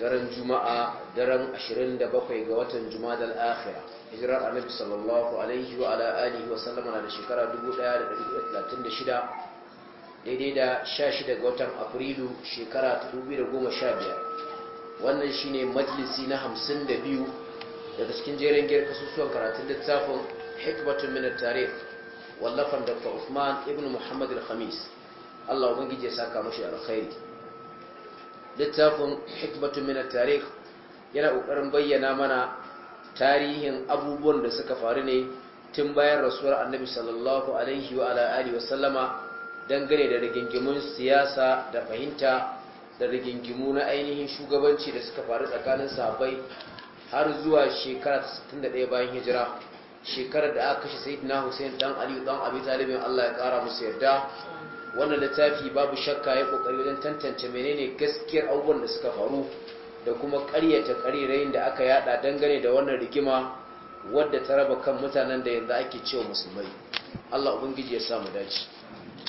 daren juma'a daren 27 ga watan juma'a al-akhira hijirar annabi sallallahu alaihi wa ala alihi wa sallama na da shekara 1136 daidai da 16 ga watan afrilu shekara 2015 wannan shine majalisi na 52 daga cikin jerin giyar kasusuwan karatun littafin hikmatun min at-tarikh wallafan dr usman ibn muhammad al-khamis Allah ubangiji ya saka mashi alkhairi littafin hikmatun minar tarih yana ƙoƙarin bayyana mana tarihin abubuwan da suka faru ne tun bayan rasuwar annabi sallallahu alaihi wa dangane da rigingimun siyasa da fahimta da rigingimu na ainihin shugabanci da suka faru tsakanin sahabbai har zuwa shekara 61 bayan hijira shekarar da aka kashe sayyidina Hussein dan Ali dan Abi Talib Allah ya kara musu yarda wannan littafi babu shakka ya kokari wajen tantance menene gaskiyar abubuwan da suka faru da kuma ƙaryata ƙarirayin da aka yada dangane da wannan rigima wadda ta raba kan mutanen da yanzu ake cewa musulmai Allah ubangiji ya sa mu dace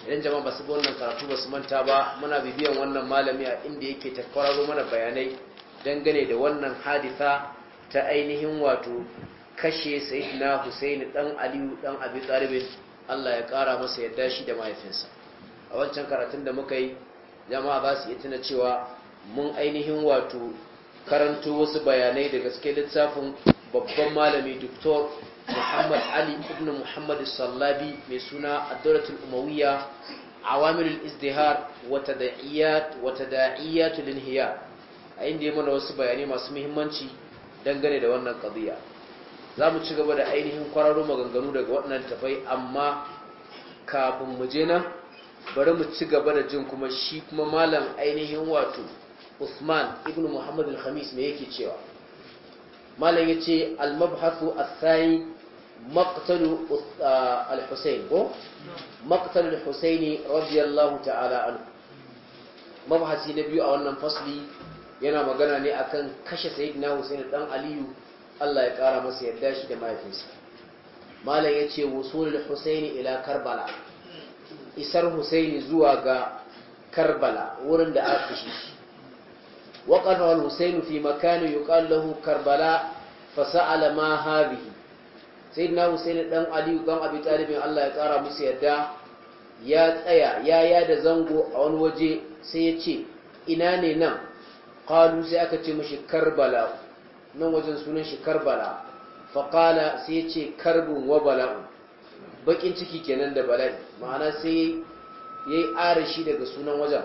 idan jama'a basu bi wannan karatu basu manta ba muna bibiyan wannan malami a inda yake ta kwararo mana bayanai dangane da wannan hadisa ta ainihin wato kashe sayyidina Husaini dan Aliyu dan Abi Talib Allah ya kara masa yadda shi da mahaifinsa a wancan karatun da muka yi jama'a ba su iya tuna cewa mun ainihin wato karanto wasu bayanai daga gaske littafin babban malami doktor muhammad ali ibn muhammad sallabi mai suna adoratul umawiya awamilul izdihar wata da'iyatul inhiya a inda yi mana wasu bayanai masu muhimmanci dangane da wannan kaziya za mu ci gaba da ainihin kwararo maganganu daga waɗannan tafai amma kafin mu je nan bari mu ci gaba da jin kuma shi kuma malam ainihin wato usman ibn muhammad al-khamis me yake cewa malam ya ce al-mabhasu as-sani maqtalu al-husayn ko maqtalu al-husayn radiyallahu ta'ala anhu mabhasi na biyu a wannan fasli yana magana ne akan kashe sayyidina husayn dan aliyu Allah ya kara masa yadda shi da mahaifinsa malam ya ce al husayn ila karbala isar husaini zuwa ga karbala wurin da aka kashe shi waƙarwa al fi makani yuqal lahu karbala fasa'ala ma hadhihi sayyidina husaini ɗan aliyu dan abi talibin Allah ya tsara musu yadda ya tsaya ya ya da zango a wani waje sai ya ce ina ne nan qalu sai aka ce mishi karbala nan wajen sunan shi karbala Faƙala sai ya ce karbun wa bala'un bakin ciki kenan da bala'i ma'ana sai ya yi arashi daga sunan wajen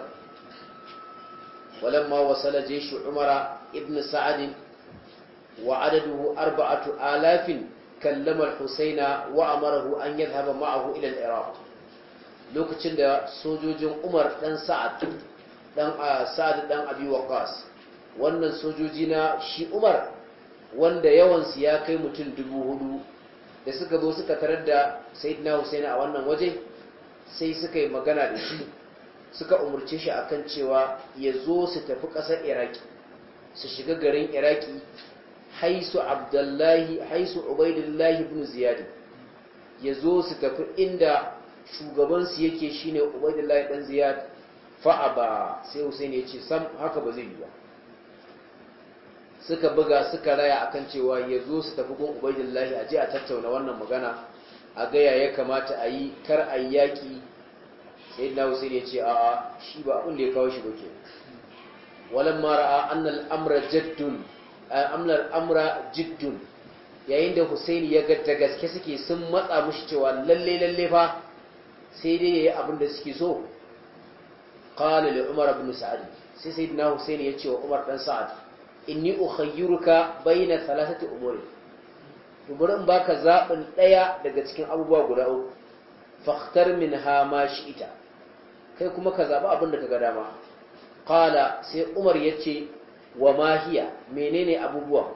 walamma wasala jeshi umara ibn sa'adin wa adaduhu arba'atu alafin kallamar husaina wa amarahu an haba ma'ahu ilal iraq lokacin da sojojin umar dan sa'ad dan abi waqas wannan sojoji na shi umar wanda yawansu ya kai mutum dubu hudu da suka zo suka tarar da saidna husaina a wannan waje sai suka yi magana da shi suka umarci shi akan cewa ya zo su tafi ƙasar iraki su shiga garin iraki haisu abdullahi haisu ubaidullahi bin ziyadi ya zo su tafi inda shugabansu yake shine ubaidullahi dan ziyad fa'aba sai husaini ya ce sam haka ba zai yi ba suka buga suka raya akan cewa ya zo su tafi gun ubaidullahi a je a tattauna wannan magana a gaya ya kamata a yi kar a yaƙi sai na hussein ya ce a shi ba abin da ya kawo shi ba ke walan mara a annal amra jaddun eh, amlar amra jiddun yayin da hussein ya ga gaske suke sun matsa mushi cewa lalle lalle fa sai dai ya yi abin da suke so kala da umar abin sa'ad sai na hussein ya ce wa umar dan sa'ad inni ukhayyuruka bayyana salasati umuri to bari in baka zaɓin ɗaya daga cikin abubuwa guda uku fakhtar min ha ma ita. kai kuma ka zaɓi abin da ka ga dama qala sai umar yace wa ma menene abubuwa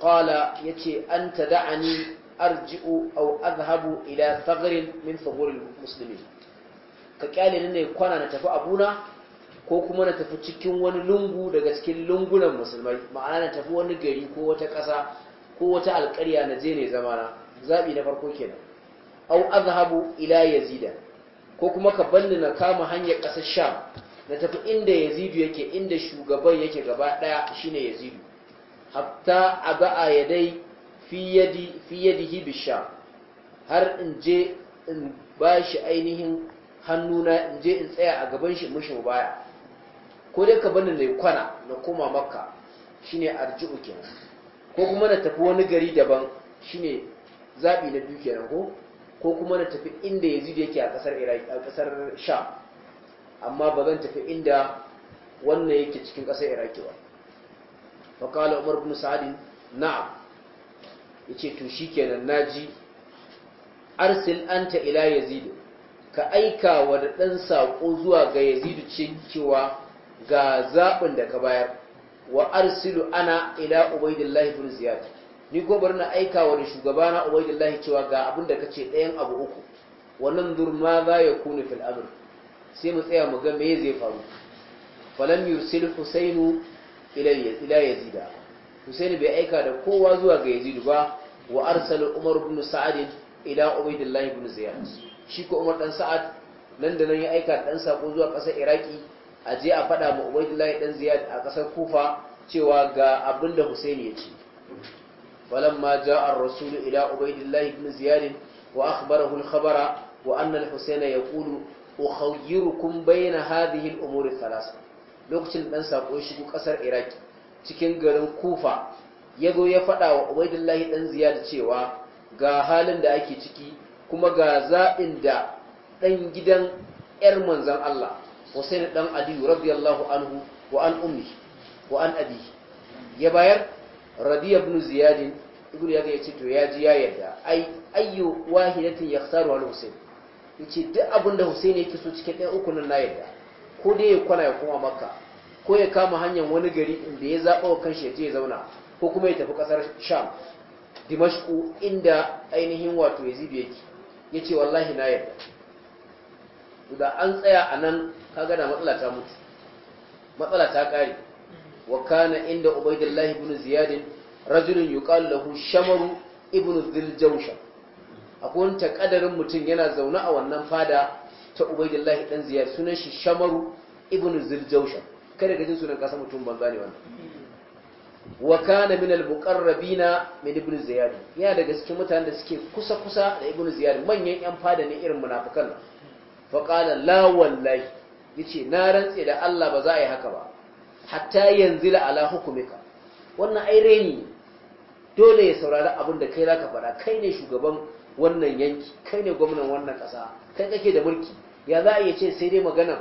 qala yace an da'ani arji'u aw azhabu ila thagrin min thaguril muslimin ka kyale ni ne kwana na tafi abuna ko kuma na tafi cikin wani lungu daga cikin lungunan musulmai ma'ana na tafi wani gari ko wata ƙasa ko wata alƙarya na je ne zamana zaɓi na farko kenan au azhabu ila yazida ko kuma ka balli na kama hanyar ƙasar sham na tafi inda yazidu yake inda shugaban yake gaba ɗaya shine yazidu hatta a ba'a ya dai fi yadihi sham har in je in ba shi ainihin hannuna in je in tsaya a gaban shi mushi baya ko dai ka balli na kwana na koma makka shine arji'u kenan ko kuma na tafi wani gari daban shine zaɓi na biyu kenan ko ko kuma na tafi inda yazid yake a kasar sha amma ba zan tafi inda wannan yake cikin kasar Iraki ba fa Umar, umar ibn sa'd ya yace to shikenan naji arsil anta ila yazid ka aika wa da dan sako zuwa ga yazid cewa ga zaɓin da ka bayar wa arsilu ana ila ubaidillahi bin ziyad ni ko bari na aika wa da shugabana ubaidillahi cewa ga abin da kace ɗayan abu uku wannan ma za ya kunu fil amr sai mu tsaya mu ga me zai faru falam yursil husayn ila ila yazid husayn bai aika da kowa zuwa ga yazid ba wa arsala umar ibn sa'ad ila ubaidillahi bin ziyad shi ko umar dan sa'ad nan da nan ya aika dan sako zuwa ƙasar iraki a je a faɗa ma ubaidullahi dan ziyad a ƙasar kufa cewa ga abinda da ya ce falamma ja ar-rasulu ila ubaidullahi ibn ziyad wa akhbarahu al-khabara wa anna al-husaina yaqulu ukhayyirukum bayna hadhihi al-umuri thalatha lokacin dan sako shigo ƙasar iraq cikin garin kufa ya ya faɗa wa ubaidullahi ɗan ziyad cewa ga halin da ake ciki kuma ga zaɓin da ɗan gidan ‘yar manzan Allah Hussein dan Aliyu radiyallahu anhu wa an ummi wa an abi ya bayar Rabi ibn Ziyad ibn ya yace ce to ya ji ya yarda ai ayyu wahidatin yakhsaru al Hussein yace duk abinda Hussein yake so cikin ɗan uku nan na yarda ko dai ya kwana ya koma Makka ko ya kama hanyar wani gari inda ya zaba wa kanshi ya je ya zauna ko kuma ya tafi kasar Sham Dimashku inda ainihin wato Yazid yake yace wallahi na yarda da an tsaya a nan kaga da matsala ta mutu matsala ta kare wa kana inda ubaidillah ibn ziyad rajulun yuqalu lahu shamaru ibn dhiljawsha akwai wani takadarin mutum yana zaune a wannan fada ta ubaidillah dan ziyad sunan shi shamaru ibn dhiljawsha kada ka jin sunan kasa mutum banza ne wannan wa kana min al-muqarrabina min ibn ziyad ya daga cikin mutanen da suke kusa kusa da ibn ziyad manyan yan fada ne irin munafikan fa qala la wallahi yace na rantse da Allah ba za a yi haka ba hatta yanzila ala hukumika wannan ai reni dole ya saurari abin da kai zaka faɗa kai ne shugaban wannan yanki kai ne gwamnan wannan kasa, kai kake da mulki ya za a iya ce sai dai magana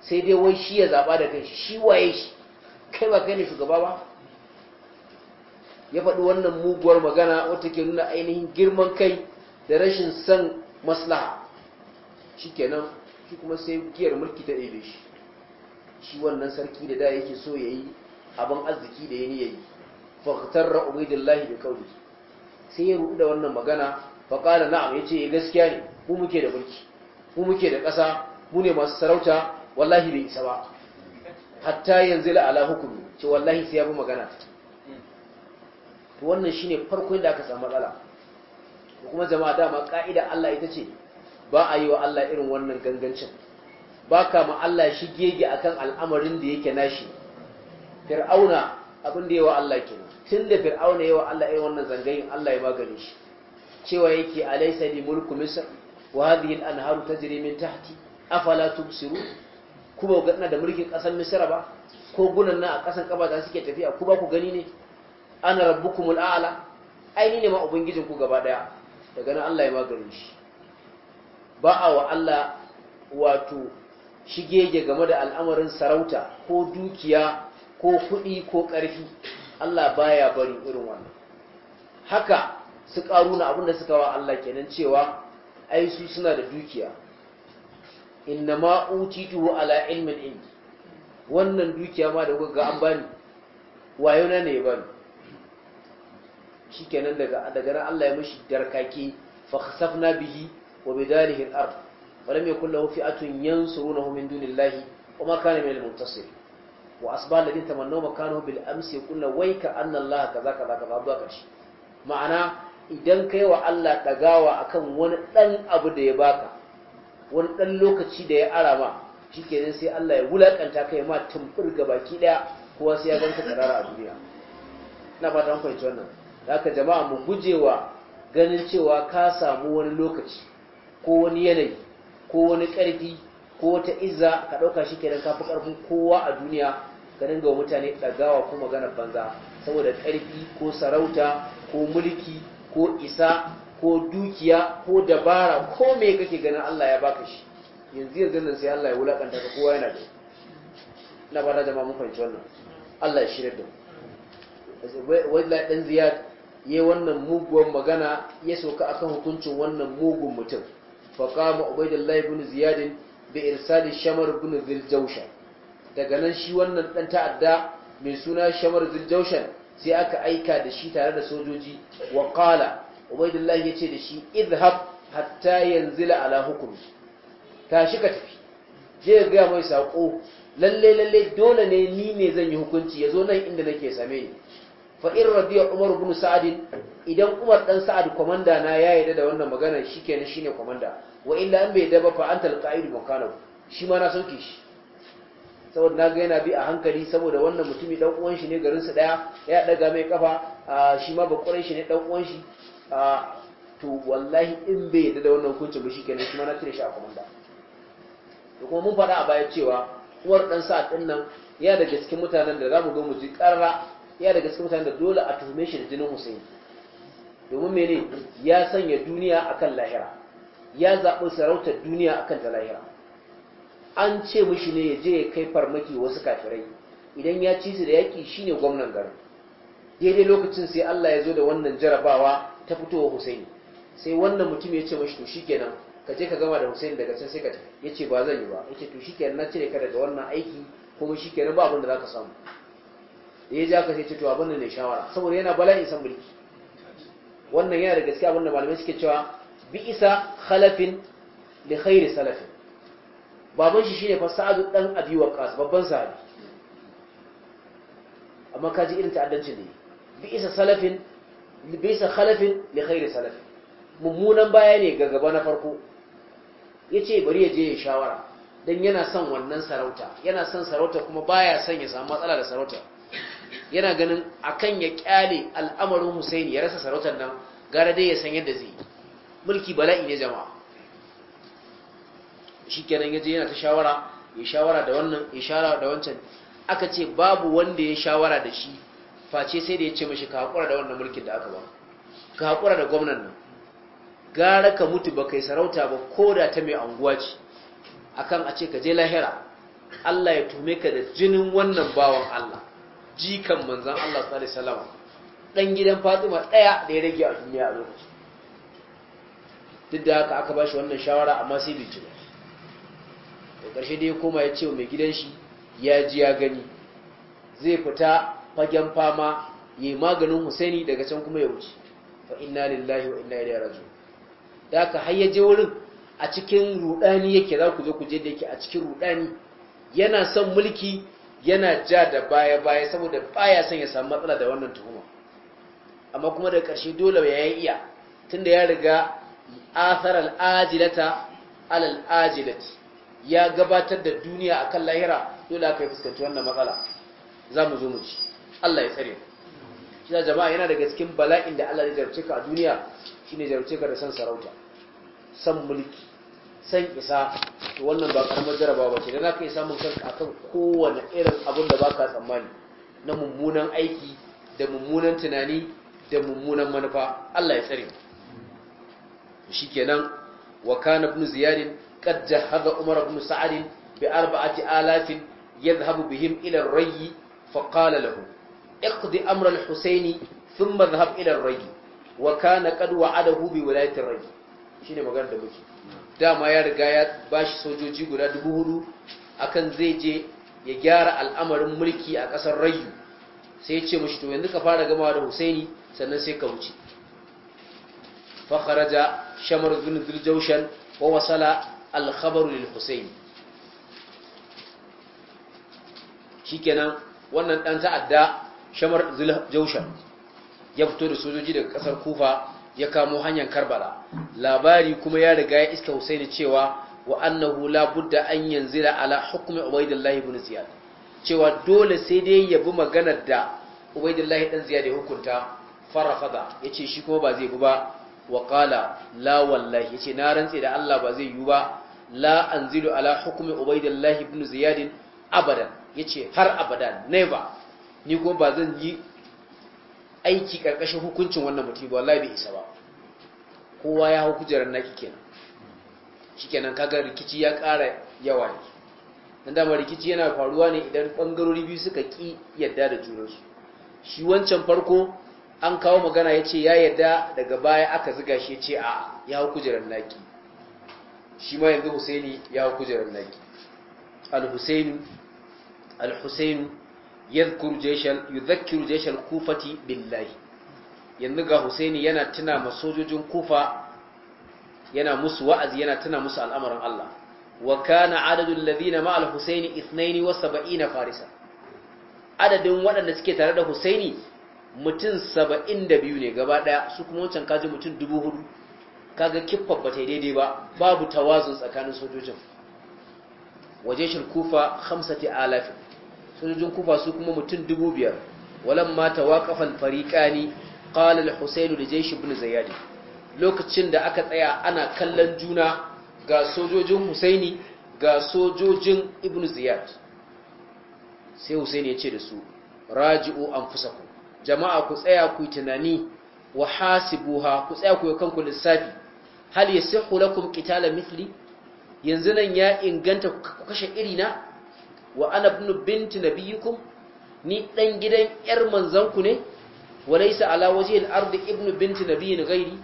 sai dai wai shi ya zaba da kai shi waye shi kai ba kai ne shugaba ba ya faɗi wannan muguwar magana wata ke nuna ainihin girman kai da rashin son maslaha shi shikenan shi kuma sai giyar mulki ta ɗebe shi shi wannan sarki da da yake so ya yi abin arziki da ya yi ya yi da lahi da kauli sai ya rudu da wannan magana faƙala na'am ya ce ya eh, gaskiya ne mu muke da mulki mu muke da ƙasa mu ne masu sarauta wallahi bai isa ba hatta yanzu la ala hukumi ce wallahi sai ya bi magana wannan shine farko da aka samu matsala kuma jama'a dama ka'ida Allah ita ce ba a yi wa Allah irin wannan gangancin ba ka ma Allah shi gege akan al'amarin da yake nashi fir'auna abin da yawa Allah ke tun da fir'auna yawa Allah irin wannan zangayin Allah ya magani shi cewa yake laisa ne mulku misar wa hadhihi al-anharu ta min tahti afala tubsirun kuma ga da mulkin kasar misra ba ko gunan nan a kasan kaba da suke tafiya ku ba ku gani ne ana rabbukumul a'la aini ne ma ubangijin ku gaba daya daga nan Allah ya magani shi ba a wa Allah wato shigege game da al'amarin sarauta ko dukiya ko kuɗi ko ƙarfi Allah baya bari irin wannan haka su ƙaruna abinda suka wa Allah kenan cewa ai su suna da dukiya inna ma utitu ala ilmin in wannan dukiya ma da ga an bani wayo na ne bani shikenan daga daga nan Allah ya mishi darkake fa khasafna bihi wa bidarihi al-ard wa lam yakul lahu fi'atun yansurunahu min dunillahi wa ma kana min al-muntasir wa asbal ladin tamannaw makanahu bil amsi yakul wayka anna ka kaza kaza kaza zuwa karshe ma'ana idan kai wa Allah dagawa akan wani dan abu da ya baka wani dan lokaci da ya ara ma, arama shikenan sai Allah ya wulakanta kai ma tumbur baki ɗaya, kowa sai ya ganka karara a duniya ina fata an fahimci wannan haka jama'a mu guje wa ganin cewa ka samu wani lokaci ko wani yanayi ko wani ƙarfi ko wata izza ka ɗauka shi kenan kafi ƙarfin kowa a duniya ka dinga mutane ɗagawa ko maganar banza saboda ƙarfi ko sarauta ko mulki ko isa ko dukiya ko dabara ko me kake ganin Allah ya baka shi yanzu yanzu nan sai Allah ya wulakanta ka kowa yana da na ba da jama'a mun fahimci wannan Allah ya shirya da mu wallahi dan ziyad yayi wannan mugun magana ya soka akan hukuncin wannan mugun mutum فقام عبيد الله بن زياد بإرسال شمر بن ذي daga nan shi wannan dan ta'adda mai suna Shamar Zuljaushan sai aka aika da shi tare da sojoji wa qala ya ce da shi idhab hatta yanzila ala hukum tashi ka tafi je gaya mai sako lalle lalle dole ne ni ne zan yi hukunci yazo nan inda nake same ni fa in radiya Umar ibn Sa'd idan Umar dan Sa'ad komanda na ya yarda da wannan magana shikenan shine komanda wa illa an bai daba fa antal qa'id makanahu shi ma na sauke shi saboda na ga yana bi a hankali saboda wannan mutumi dan uwan shi ne garin sa daya ya daga mai kafa shi ma bakuran shi ne dan uwan shi to wallahi in bai yadda da wannan hukuncin ba shikenan shi ma na tire shi a komanda to kuma mun fada a baya cewa uwar dan sa din nan ya daga cikin mutanen da zamu ga mu ji karra ya daga cikin mutanen da dole a tuhume shi da jinin Husaini domin mene ya sanya duniya akan lahira ya zaɓi sarautar duniya a kan lahira an ce mishi ne ya je ya kai farmaki wasu kafirai idan ya ci su da yaƙi shi ne gwamnan garin daidai lokacin sai Allah ya zo da wannan jarabawa ta fitowa Husaini sai wannan mutum ya ce mashi to shi kenan ka je ka gama da Husaini daga can sai ka ya ce ba zan yi ba to na cire ka daga wannan aiki kuma shikenan ba abin da ka samu ya ja ka sai ce to abin da ne shawara saboda yana bala'in san mulki wannan yana da gaske abin da malamai suke cewa bi isa khalafin li khairi salafin baban shi shine fa sa'adu dan abi waqas babban sahabi amma kaji irin ta'addanci ne bi isa salafin bi isa khalafin li khairi salaf mummunan baya ne ga gaba na farko yace bari ya je ya shawara dan yana son wannan sarauta yana son sarauta kuma baya son ya samu matsala da sarauta yana ganin akan ya kyale al'amarin Husaini ya rasa sarautar nan gara dai ya san yadda zai yi mulki bala'i ne jama'a shi kenan yaje yana ta shawara ya shawara da wannan ya shawara da wancan aka ce babu wanda ya shawara da shi face sai da ya ce mashi ka haƙura da wannan mulkin da aka ba ka haƙura da gwamnan nan gara ka mutu ba kai sarauta ba ko da ta mai anguwa ce akan a ce ka je lahira Allah ya tume ka da jinin wannan bawan Allah jikan manzan Allah sallallahu alaihi wasallam dan gidan Fatima daya da ya rage a duniya a lokacin duk da haka aka bashi wannan shawara amma sai bai ji ba da ƙarshe dai koma ya ce wa mai gidan shi ya ji ya gani zai fita fagen fama yi maganin husaini daga can kuma ya wuce fa inna lillahi wa inna ilaihi raji'un da haka har ya je wurin a cikin rudani yake za ku zo ku je da yake a cikin rudani yana son mulki yana ja da baya baya saboda baya son ya samu matsala da wannan tuhuma amma kuma da ƙarshe dole ya yi iya tunda ya riga athar al-ajilata alal ya gabatar da duniya kan lahira dole aka yi fuskanci wannan matsala za mu zo mu ci Allah ya tsare shi da jama'a yana daga cikin bala'in da Allah ya jarumce ka a duniya ne jarumce ka da san sarauta san mulki san isa to wannan ba karamar ba ce, dan aka yi samun kanka akan kowane irin abin da baka tsammani na mummunan aiki da mummunan tunani da mummunan manufa Allah ya tsare mu shikenan wa kana ibn ziyad qad jahada umar ibn sa'd bi arba'ati alafin yadhhabu bihim ila ar-rayy fa qala lahu iqdi amra al-husayn thumma dhhab ila ar-rayy wa kana qad wa'adahu bi wilayati ar shine magana da muke dama ya riga ya bashi sojoji guda 4000 akan zai je ya gyara al'amarin mulki a ƙasar rayu sai ya ce mashi to yanzu ka fara gama da husaini sannan sai ka wuce kharaja shamar bin zuljaushen wa wasala alkhabaru lil wannan dan ta'adda shamar zuljaushen ya fito da sojoji daga kasar kufa ya kamo hanyar karbala labari kuma ya riga ya iska husaini cewa wa annahu la budda an yanzila ala hukmi ubaidillah ibn ziyad cewa dole sai dai ya bi maganar da Ubaidullahi dan ziyad ya hukunta farafada yace shi kuma ba zai bi ba wa lawallahi la wallahi yace na rantse da Allah ba zai yi ba la anzilu ala hukmi ubaidillah ibn Ziyadin, abadan Ya ce har abadan never ni kuma ba zan yi aiki karkashin hukuncin wannan mutum ba wallahi bai isa ba kowa ya hau kujerar naki kenan shikenan ga rikici ya ƙara yawa ne dan dama rikici yana faruwa ne idan ɓangarori biyu suka ki yadda da junansu shi wancan farko an kawo magana ya ce ya yadda daga baya aka ziga shi ce a ya hau kujerar naki shi ma yanzu husaini ya hau kujerar naki al-husainu al-husainu yadhkuru jayshal yudhakkiru kufati billahi yanzu ga husaini yana tuna ma sojojin kufa yana musu wa'azi yana tuna musu al'amarin Allah wa kana adadul ladina ma al-husaini 72 farisa adadin waɗanda suke tare da husaini mutum saba'in da biyu ne gaba ɗaya su kuma wancan kaji mutum dubu hudu kaga kifar ba ta daidai ba babu wazun tsakanin sojojin waje shirkufa hamsati alafi sojojin kufa su kuma mutum dubu biyar walan mata waƙafan fariƙani ƙalil husainu da jeshi bin zayyadi lokacin da aka tsaya ana kallon juna ga sojojin husaini ga sojojin ibn ziyad sai husaini ya ce da su raji'u an anfusakum jama'a ku tsaya ku tunani wa hasibuha ku tsaya ku kanku lissafi hal yasihhu lakum qitala mithli yanzu nan ya inganta ku kashe irina wa ana ibn bint nabiyikum ni dan gidan yar manzanku ne laysa ala wajhil ardi ibn bint nabiyin ghairi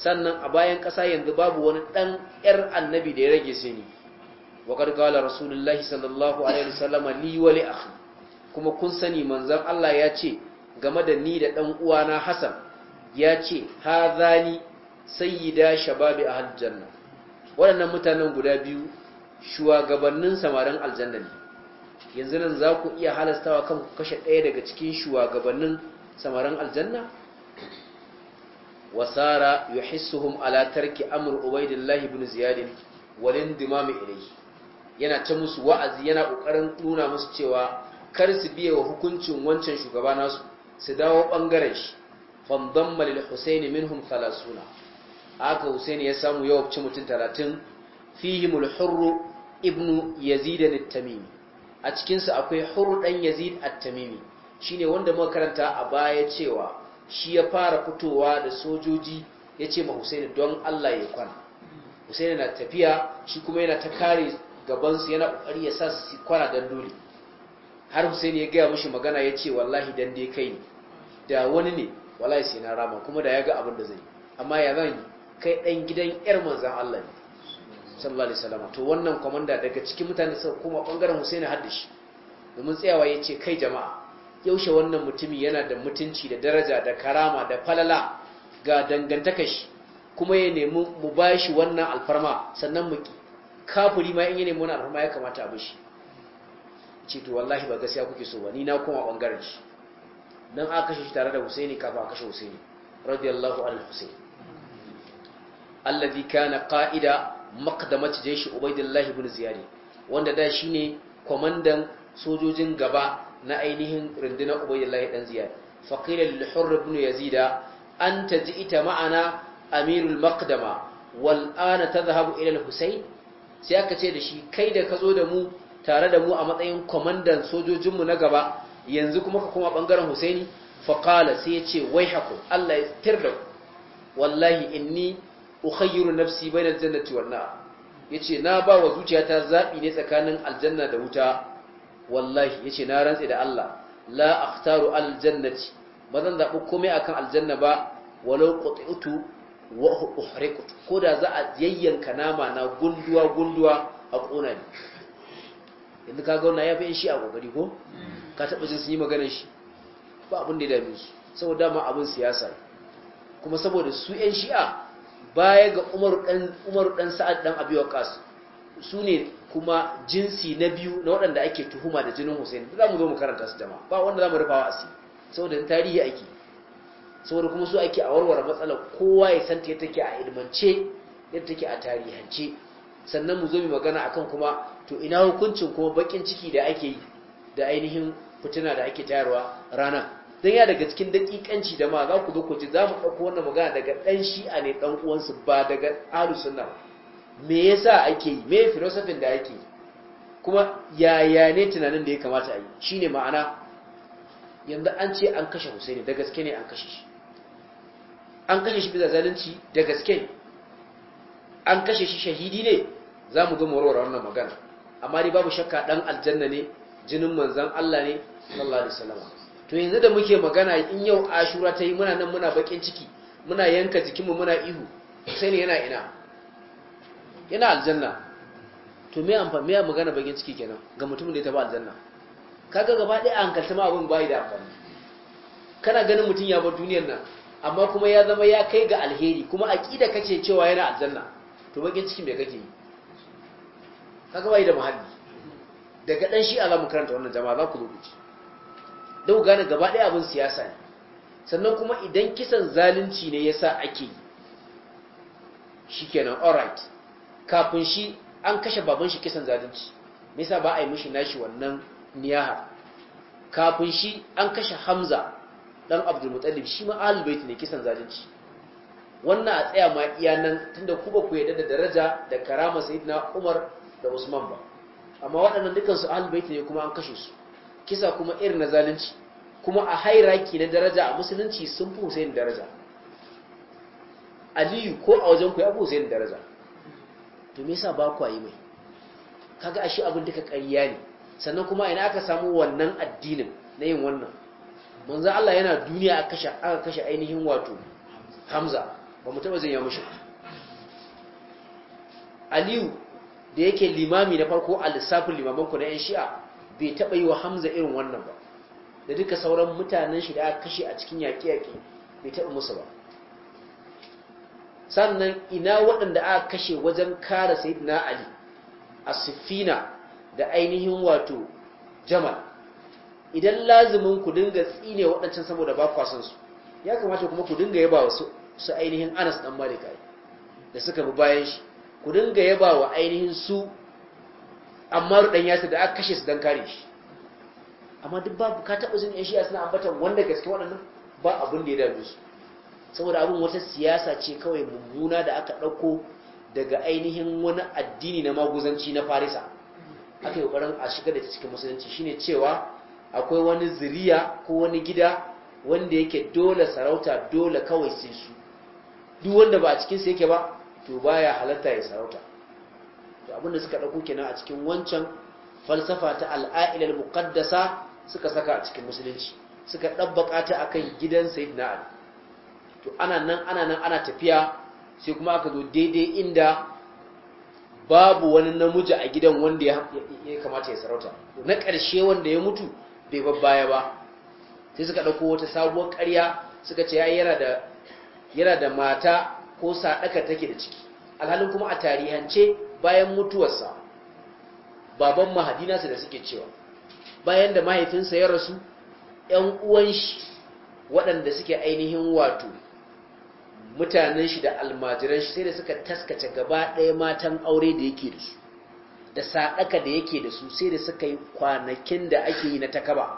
sannan a bayan ƙasa yanzu babu wani dan yar annabi da ya rage shi ne wa qad qala rasulullahi sallallahu alaihi wasallam li wa li akhi kuma kun sani manzan Allah ya ce game da ni da ɗan uwana Hassan ya ce ha hazani sayyida shababi a janna waɗannan mutanen guda biyu shugabannin samarin aljanna ne yanzu nan za ku iya halastawa kan ku kashe ɗaya daga cikin shugabannin samarin aljanna wasara alatar ki amur amr Lahi bin Ziyadin, walin dimami ilayhi yana ta musu wa'azi yana ƙoƙarin nuna musu cewa kar su biya wa hukuncin wancan shugaba nasu su dawo ɓangaren shi fandon malil husaini minhum suna. aka husaini ya samu yawabci mutum talatin fihi mulhurru ibnu ibn yazid at-tamimi a cikin akwai Hurru dan yazid at-tamimi shine wanda muka karanta a baya cewa shi ya fara fitowa da sojoji yace ma husaini don Allah ya kwana husaini na tafiya shi kuma yana ta kare gabansu yana kokari ya sa su kwana dan dole har Hussein ya gaya mishi magana ya ce wallahi dan dai kai da wani ne wallahi sai na rama kuma da ya ga abin da zai amma ya zan kai dan gidan yar manzan Allah ne sallallahu alaihi wasallam to wannan komanda daga cikin mutane suka kuma bangaren Hussein da shi domin tsayawa ya ce kai jama'a yaushe wannan mutumi yana da mutunci da daraja da karama da falala ga dangantaka shi kuma ya nemi mu bashi wannan alfarma sannan mu kafuri ma in ya nemi wannan alfarma ya kamata a bashi ce to wallahi ba gaskiya kuke so ba ni na kuma bangaren shi dan aka kashe shi tare da Husaini kafa aka kashe Husaini radiyallahu anhu Husaini alladhi kana qa'ida maqdamat jaysh Ubaydullah ibn Ziyad wanda da shine komandan sojojin gaba na ainihin rundunar Ubaydullah dan Ziyad faqila lil Hurr ibn Yazid anta ji'ta ma'ana amirul maqdama wal ana tadhhabu ila al-Husayn sai aka ce da shi kai da ka zo da mu tare da mu a matsayin kwamandan sojojinmu na gaba yanzu kuma ka koma ɓangaren husaini faƙala sai ya ce wai haku allah ya tir da wallahi inni ukhayyiru nafsi bai na jannati wannan ya ce na ba wa zuciyata zaɓi ne tsakanin aljanna da wuta wallahi ya ce na rantse da allah la a taru aljannati ba zan zaɓi komai akan aljanna ba walau qut'tu wa uhriqtu ko da za a yayyanka nama na gunduwa gunduwa a ƙona yanzu ka gauna ya fi in shi a kokari ko ka taɓa jin sun yi maganar shi ba abin da ya dame su saboda ma abin siyasa kuma saboda su yan shi'a baya ga umaru dan sa'ad dan abi kasu su ne kuma jinsi na biyu na waɗanda ake tuhuma da jinin Hussein da mu zo mu karanta su jama ba wanda za mu rufawa asiri saboda tarihi ake saboda kuma su ake a warware matsalar kowa ya santa ya take a ilmance yadda take a tarihance sannan mu zo mu magana akan kuma to ina hukuncin ko bakin ciki da ake yi da ainihin fitina da ake tayarwa rana don ya daga cikin dakikanci da ma za ku zo ku ji za mu ɗauko wannan magana daga ɗan shi'a ne ɗan uwansu ba daga alu sunna me yasa ake yi me filosofin da ake yi kuma yaya ne tunanin da ya kamata a yi shine ma'ana yanzu an ce an kashe husaini da gaske ne an kashe shi an kashe shi bisa zalunci da gaske an kashe shi shahidi ne za mu ga warware wannan magana amma ni babu shakka dan aljanna ne jinin manzon Allah ne sallallahu alaihi wasallam to yanzu da muke magana in yau ashura ta yi muna nan muna bakin ciki muna yanka jikinmu muna ihu sai ne yana ina yana aljanna to me amfani me magana bakin ciki kenan ga mutumin da ya taba aljanna kaga gaba ɗaya an kalta ma abin bai da amfani kana ganin mutum ya bar duniyar nan amma kuma ya zama ya kai ga alheri kuma aqida kace cewa yana aljanna to bakin ciki me kake yi kaga bai da muhalli daga dan shi za karanta wannan jama'a za ku zo ku da gane gaba ɗaya abin siyasa ne sannan kuma idan kisan zalunci ne yasa ake yi all alright kafin shi an kashe baban shi kisan zalunci me yasa ba a yi mishi nashi wannan niyaha kafin shi an kashe Hamza dan Abdul Muttalib shi ma ahlul bait ne kisan zalunci wannan a tsaya ma iya nan tunda ku ba ku yadda da daraja da karama sayyidina Umar da Usman ba amma waɗannan dukan su ahlul ne kuma an kashe su kisa kuma irin na zalunci kuma a hairaki na daraja a musulunci sun fi Hussein daraja Aliyu ko a wajen ku ya fi Hussein daraja to me yasa ba ku yi mai kaga ashe abin duka ƙarya ne sannan kuma ina aka samu wannan addinin na yin wannan manzo Allah yana duniya aka kashe aka kashe ainihin wato Hamza ba mu taba zai ya mushi Aliyu da yake limami na farko a lissafin limaman ku na yan shi'a bai taɓa yi wa hamza irin wannan ba da duka sauran mutanen shi da aka kashe a cikin yaƙi-yaƙi bai taɓa musu ba sannan ina waɗanda aka kashe wajen kara said na ali a siffina da ainihin wato jamal idan lazumin ku dinga tsine waɗancan saboda ba kwasan su ya kamata kuma ku dinga yaba wasu su ainihin anas ɗan malik da suka bi bayan shi ku dinga yaba wa ainihin su amma rudan yasa da aka kashe su dan kare shi amma duk babu ka taɓa jin yan a suna ambatan wanda gaske waɗannan ba abin da ya dame su saboda abin wata siyasa ce kawai mummuna da aka ɗauko daga ainihin wani addini na maguzanci na farisa aka yi ƙoƙarin a shiga da cikin musulunci shine cewa akwai wani zuriya ko wani gida wanda yake dole sarauta dole kawai sai su duk wanda ba a cikinsa yake ba to baya halatta ya sarauta to abinda suka dauko kenan a cikin wancan falsafa ta al-a'ila al-muqaddasa suka saka a cikin musulunci suka dabbaka ta akan gidan sayyidina ali to ana nan ana nan ana tafiya sai kuma aka zo daidai inda babu wani namiji a gidan wanda ya kamata ya sarauta na ƙarshe wanda ya mutu bai baya ba sai suka dauko wata sabuwar ƙarya suka ce yana da yana da mata ko sadaka take da ciki alhalin kuma a tarihance bayan mutuwarsa baban mahadina da suke cewa bayan da mahaifinsa ya rasu ‘yan uwan shi waɗanda suke ainihin wato mutanen shi da almajiran shi sai da suka taskace gaba ɗaya matan aure da yake da su da sadaka da yake da su sai da suka yi kwanakin da ake yi na takaba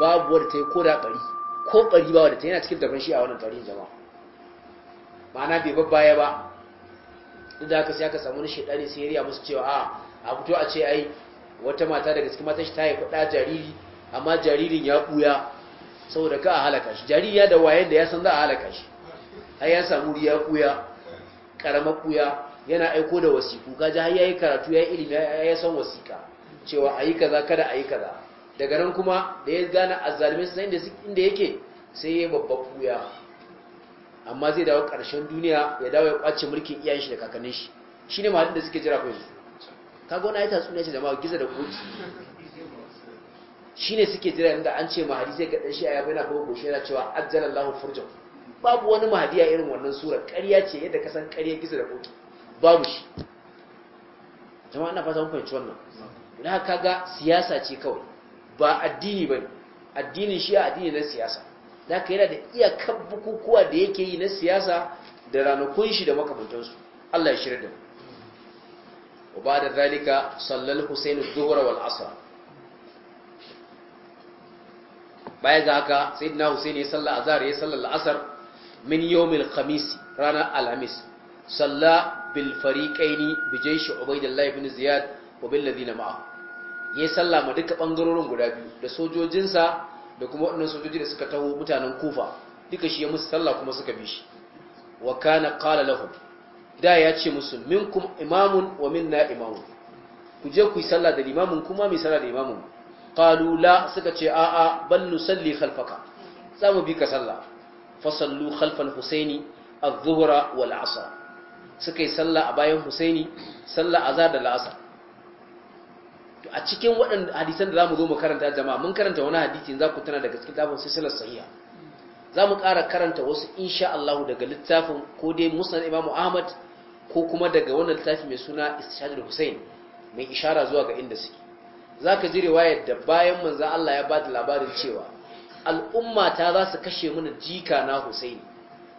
babu wadda ta yi ko da ɓari ko ɓari ba wadda ta yana cikin tafin shi a wannan tarihin jama'a ma'ana bai babbaya ba duk da haka sai aka samu nishi ɗari sai riya musu cewa a ah, a fito a ce ai wata mata daga cikin matan shi ta haifi ɗa jariri amma jaririn ya buya saboda ka a halaka shi jariri ya da da ya san za a halaka shi har ya samu riya ɓuya karama yana aiko da wasiku ka ji har ya karatu yayi ilimi ya san wasiƙa cewa a kaza kada a kaza daga nan kuma da ya gane azzalimai sai inda yake sai ya babba ɓuya amma zai dawo ƙarshen duniya ya dawo ya kwace mulkin iyayen shi da kakannin shi shine malin da suke jira ko yanzu kaga wani ayata suna ce jama'a giza da koki shine suke jira inda an ce mahadi sai ga dan shi ya yana ko goshe yana cewa ajjalallahu furjan babu wani mahadi a irin wannan sura ƙarya ce yadda ka san ƙarya giza da koki babu shi jama'a ina fata mun fahimci wannan dan kaga siyasa ce kawai ba addini bane addinin shi addini na siyasa da ka yana da iyakar bukukuwa da yake yi na siyasa da ranakun shi da makamantansu Allah ya shirya da mu wa ba da zalika Sallar husain az wal asr baya ga haka sayyidina husain ya salla azhar ya salla al'asar. asr min yawmil khamis ranar alhamis salla bil fariqaini bi jaysh da laifin ziyad wa bil ladina ma'a ya salla ma duka ɓangarorin guda biyu da sojojinsa da kuma waɗannan sojoji da suka taho mutanen kufa duka shi ya musu sallah kuma suka bi shi wa kana qala da ya ce musu minkum imamun wa na imamun ku je ku yi sallah da limamin kuma mai sallah da limamin qalu la suka ce a a bal nusalli khalfaka za mu bi ka sallah fa sallu khalfal husaini adh-dhuhra wal 'asr suka yi sallah a bayan husaini sallah azhar da la'asa. a cikin waɗanda hadisan da za mu zo mu karanta jama'a mun karanta wani hadisi za ku tana daga cikin tafin silsilar sahiha za mu ƙara karanta wasu insha Allah daga littafin ko dai musnad Imam Ahmad ko kuma daga wannan littafi mai suna Istishhadul Hussein mai ishara zuwa ga inda suke Za ka ji riwayar da bayan manzo Allah ya bada labarin cewa al'umma ta za su kashe mana jika na Hussein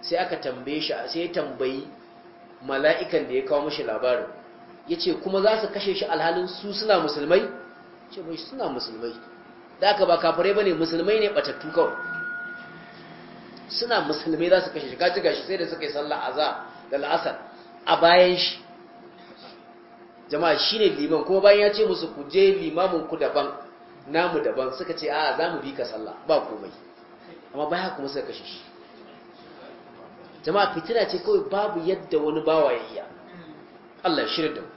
sai aka tambaye shi sai tambayi mala'ikan da ya kawo mishi labarin yace kuma za su kashe shi alhalin su suna musulmai ce mai suna musulmai da aka ba kafirai ne musulmai ne batattu kawai suna musulmai za su kashe shi gaji gashi sai da suka yi sallah azza da la'asar a bayan shi jama'a shi ne liman kuma bayan ya ce musu ku je limamin ku daban namu daban suka ce a za mu bi ka sallah ba komai amma baya kuma suka kashe shi jama'a fitina ce kawai babu yadda wani bawa ya iya Allah shirin da mu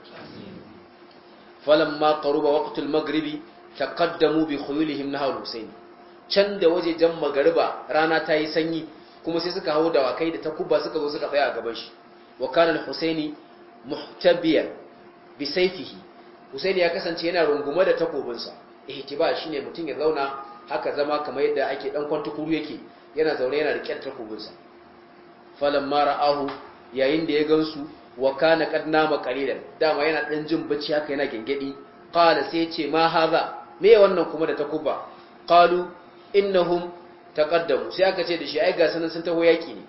falamma qaruba waqtul maghribi taqaddamu bi khuyulihim nahar can da waje jan magariba rana ta yi sanyi kuma sai suka hau dawakai da takuba suka zo suka tsaya a gaban shi wa kana al-husaini muhtabiyan bi sayfihi husaini ya kasance yana rungume da takobinsa ihtiba shine mutum ya zauna haka zama kamar yadda ake dan kwantukuru yake yana zaune yana rike da takobinsa falamma ra'ahu yayin da ya gansu wa kana kad nama qalilan dama yana dan jin bacci haka yana gengedi qala sai ce ma haza me wannan kuma da takuba qalu innahum taqaddamu sai aka ce da shi ai ga sanan sun taho yaki ne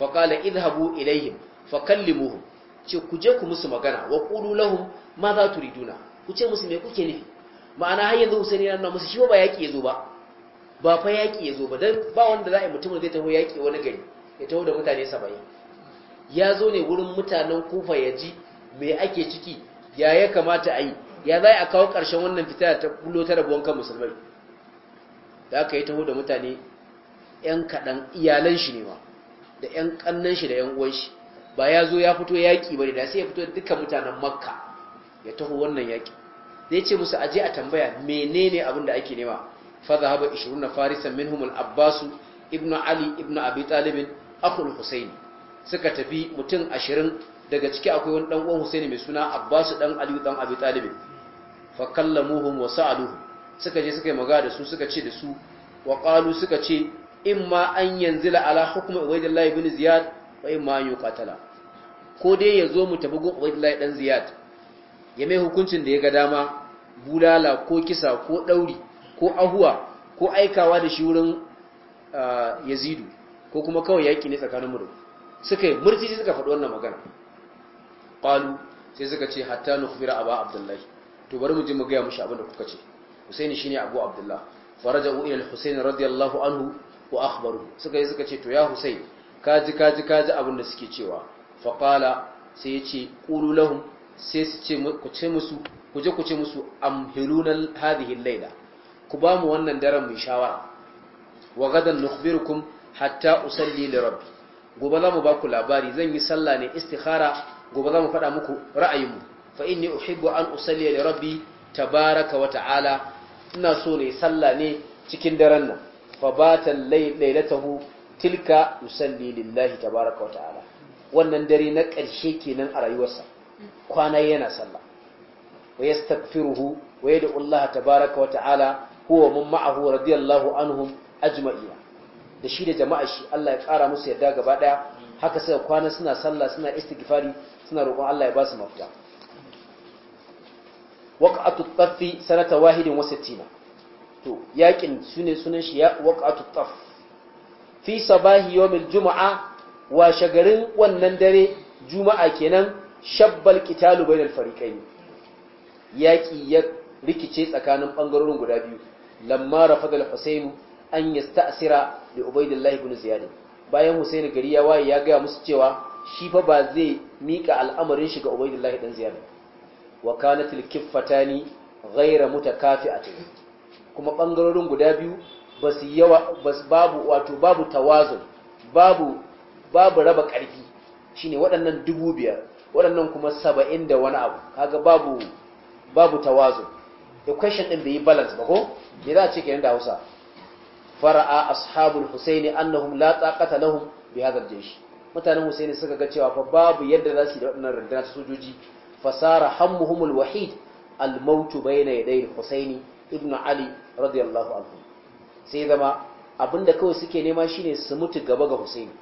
fa qala idhabu ilaihim fa kallimuhum ce ku je ku musu magana wa qulu lahum ma za turiduna ku ce musu me kuke nufi ma'ana har yanzu Husaini yana musu shi ba yaki yazo ba ba fa yaki yazo ba dan ba wanda za a yi mutum zai taho yaki wani gari ya taho da mutane 70 ya zo ne wurin mutanen kufa ya ji mai ake ciki ya ya kamata a yi ya za a kawo ƙarshen wannan fita ta bulo ta rabuwan kan musulmai da aka yi taho da mutane 'yan kaɗan iyalan shi ne ma da 'yan ƙannan shi da 'yan uwan shi ba ya zo ya fito yaƙi ba ne da sai ya fito duka mutanen makka ya taho wannan yaƙi zai ce musu aje a tambaya menene abin da ake nema fa zahaba 20 farisan minhumul Abbasu, Ibnu ali Ibnu abi talibin akhul husaini suka tafi mutum ashirin daga ciki akwai wani dan uwan Husaini mai suna abbasu ɗan Aliyu dan Abi Talib fa kallamuhum wa sa'aluhum suka je suka yi magana da su suka ce da su wa qalu suka ce imma an yanzila ala hukmi Ubaydillah ibn Ziyad wa ma an yuqatala ko dai yazo mu tafi gun Ubaydillah dan Ziyad ya mai hukuncin da ya ga dama bulala ko kisa ko dauri ko ahuwa ko aikawa da shi wurin ah, Yazidu ko kuma kawai yaki ne tsakanin mu da suka yi murtiji suka faɗi wannan magana ƙwalu sai suka ce hatta a ba abdullahi to bari mu je mu gaya mushi abin da kuka ce husaini shine abu abdullah faraja'u ila al radiyallahu anhu wa akhbaru suka yi suka ce to ya husayn kaji kaji kaji abin da suke cewa fa qala sai ya ce qulu lahum sai su ce ku ce musu ku je ku ce musu hadhihi al ku ba mu wannan daren mu shawara wa gadan nukhbirukum hatta usalli li rabbi gobe za mu ba ku labari zan yi sallah ne istikhara gobe za mu faɗa muku ra'ayinmu fa inni uhibbu an usalli li rabbi tabaraka wa ta'ala ina so ne sallah ne cikin daren nan fa bata laylatahu tilka yusalli lillahi tabaraka wa ta'ala wannan dare na ƙarshe kenan a rayuwarsa kwana yana sallah wa yastaghfiruhu wa yad'u Allah tabaraka wa ta'ala huwa mun ma'ahu radiyallahu anhum ajma'ina da shi da jama'a shi Allah ya kara musu yadda gaba ɗaya haka suka kwana suna sallah suna istighfari suna roƙon Allah ya ba su mafita waqatu taffi sanata wahidin wa sittina to yaqin sune sunan shi ya waqatu taff fi sabahi yawmil jumu'a wa shagarin wannan dare juma'a kenan shabbal qitalu bainal fariqayn yaqi ya rikice tsakanin bangarorin guda biyu lamma rafadal Husaynu. an yasta'sira da Ubaidillah ibn Ziyad bayan Husaini gari ya waye ya gaya musu cewa shi fa ba zai mika al'amarin shi ga Ubaidillah dan Ziyad wa muta kiffatani ghayra mutakafi'atin kuma bangarorin guda biyu basu yawa bas babu wato babu tawazun babu babu raba karfi shine waɗannan dubu biyar waɗannan kuma saba'in da wani abu kaga babu babu tawazun equation ɗin bai yi balance ba ko me za a ce kenan da Hausa fara'a ashabul husaini annahum la taqata lahum bi shi. jaysh mutanen husaini suka ga cewa fa babu yadda za su yi da wannan rundunar ta sojoji fasara hammuhumul wahid al-maut bayna yaday al-husaini ibn ali radiyallahu anhu sai zama abinda kawai suke nema shine su mutu gaba ga husaini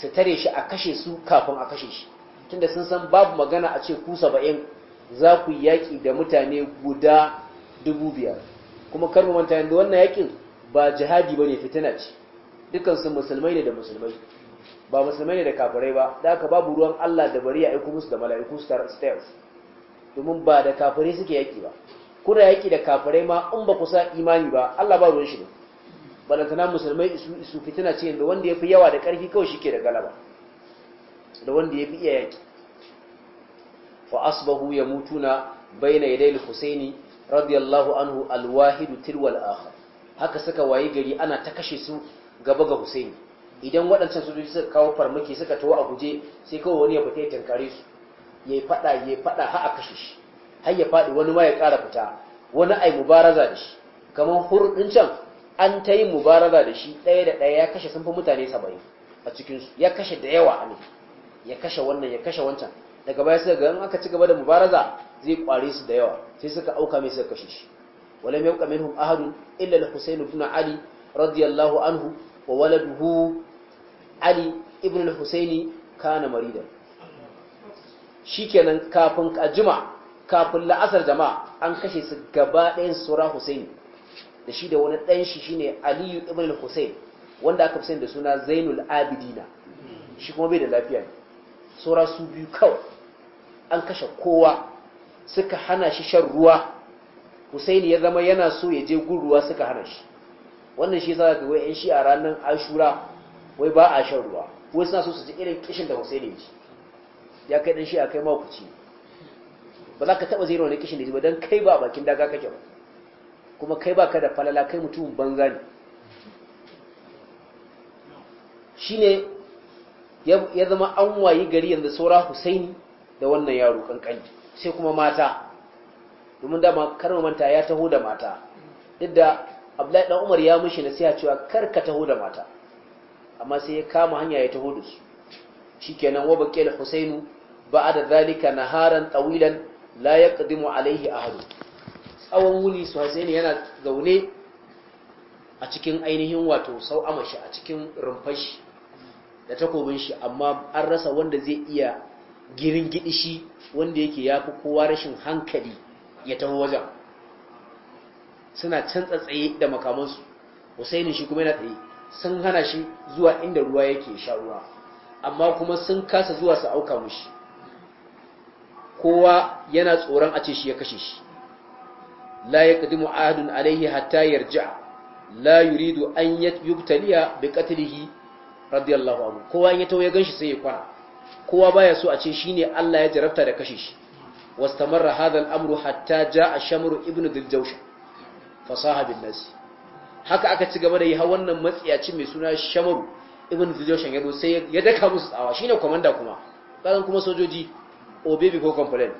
su tare shi a kashe su kafin a kashe shi tunda sun san babu magana a ce ku 70 za ku yaki da mutane guda 2000 kuma kar mu manta yanda wannan yakin ba jihadi bane fitina ce dukkan sun musulmai ne da musulmai ba musulmai ne da kafirai ba da aka babu ruwan Allah da bari ya aiko musu da mala'iku star stairs domin ba da kafirai suke yaki ba kuna yaki da kafirai ma in ba ku sa imani ba Allah ba ruwan shi ne balantana musulmai isu isu fitina ce da wanda yafi yawa da ƙarfi kawai shike da galaba da wanda yafi iya yaki fa asbahu yamutuna bayna yaday husaini radiyallahu anhu alwahidu tilwal akhar haka suka wayi gari ana ta kashe su gaba ga Husaini idan waɗancan sojoji suka kawo farmaki suka tawo a guje sai kawai wani ya fita ya tankare su ya fada ya fada har a kashe shi har ya fadi wani ma ya ƙara fita wani ai mubaraza da shi kamar hurdin can an ta yi mubaraza da shi ɗaya da ɗaya ya kashe sun fi mutane saba'in a cikinsu ya kashe da yawa ne ya kashe wannan ya kashe wancan daga baya suka ga in aka ci gaba da mubaraza zai kware su da yawa sai suka auka mai suka kashe shi ولم يبق منهم أحد إلا الحسين بن علي رضي الله عنه وولده علي ابن الحسين كان مريدا shikenan kafin ajima kafin la'asar jama'a an kashe su gaba ɗayan sura Hussein da shi da wani ɗanshi shi shine Aliyu ibn al wanda aka fi da suna Zainul Abidina shi kuma bai da lafiya ne sura su biyu kawai an kashe kowa suka hana shi shan ruwa Hussaini ya zama yana so ya je gurruwa suka hana shi wannan shi yasa ga wai yan shi a ranar ashura wai ba a shan ruwa wai suna so su ji irin kishin da ya ji ya kai dan shi a kai makuci ba za ka taba zai wani kishin da ji ba don kai ba bakin daga kake ba kuma kai ba ka da falala kai mutumin banza ne shine ya zama an wayi gari yanzu saura Hussaini da wannan yaro kankani sai kuma mata domin dama kar manta ya taho da mata duk da Abdullahi dan Umar ya mushi nasiha cewa kar ka taho da mata amma sai ya kama hanya ya taho da su shikenan wa baqil Husainu ba'da zalika naharan tawilan la yaqdimu alaihi ahad tsawon wuni Husaini yana zaune a cikin ainihin wato sau amashi a cikin rumfashi da takobin shi amma an rasa wanda zai iya girin gidi shi wanda yake yafi kowa rashin hankali ya taho wajen suna can tsatsaye da makamansu husaini shi kuma yana tsaye sun hana shi zuwa inda ruwa yake sha ruwa amma kuma sun kasa zuwa su auka mushi kowa yana tsoron a ce shi ya kashe shi la kadimu ahadun alaihi hatta yarji'a la yuridu an yubtaliya bi qatlihi radiyallahu anhu kowa in ya tawo ya ganshi sai ya kwana kowa baya so a ce shine Allah ya jarabta da kashe shi واستمر هذا الأمر حتى جاء شمر ابن ذي الجوشة فصاح بالناس haka aka ci gaba da yi wannan matsiyaci mai suna shamaru ibn zujoshan yaro sai ya daka musu tsawa shine komanda kuma kasan kuma sojoji obebi ko complain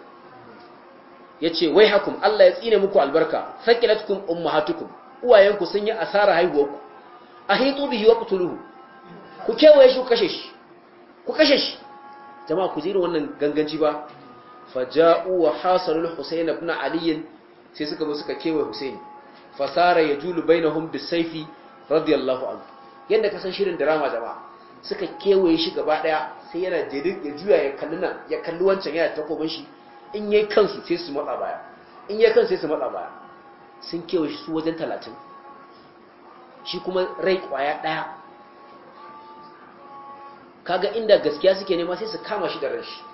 yace wai hakum Allah ya tsine muku albarka sakilatkum ummahatukum uwayenku sun yi asara haihuwarku ahitu bihi waqtuluhu ku kewaye shi ku kashe shi ku kashe shi jama'a ku jira wannan ganganci ba faja'u wa hasalul husayn ibn ali sai suka bi suka kewaye husayn fasara yajulu bainahum bisayfi radiyallahu anhu yanda san shirin drama jama'a suka kewaye shi gaba daya sai yana jedin ya juya ya kalli nan ya kalli wancan yana takobin shi in yayi kansu sai su matsa baya in yayi kansu sai su matsa baya sun kewaye shi su wajen 30 shi kuma rai kwaya daya kaga inda gaskiya suke nema sai su kama shi da ranshi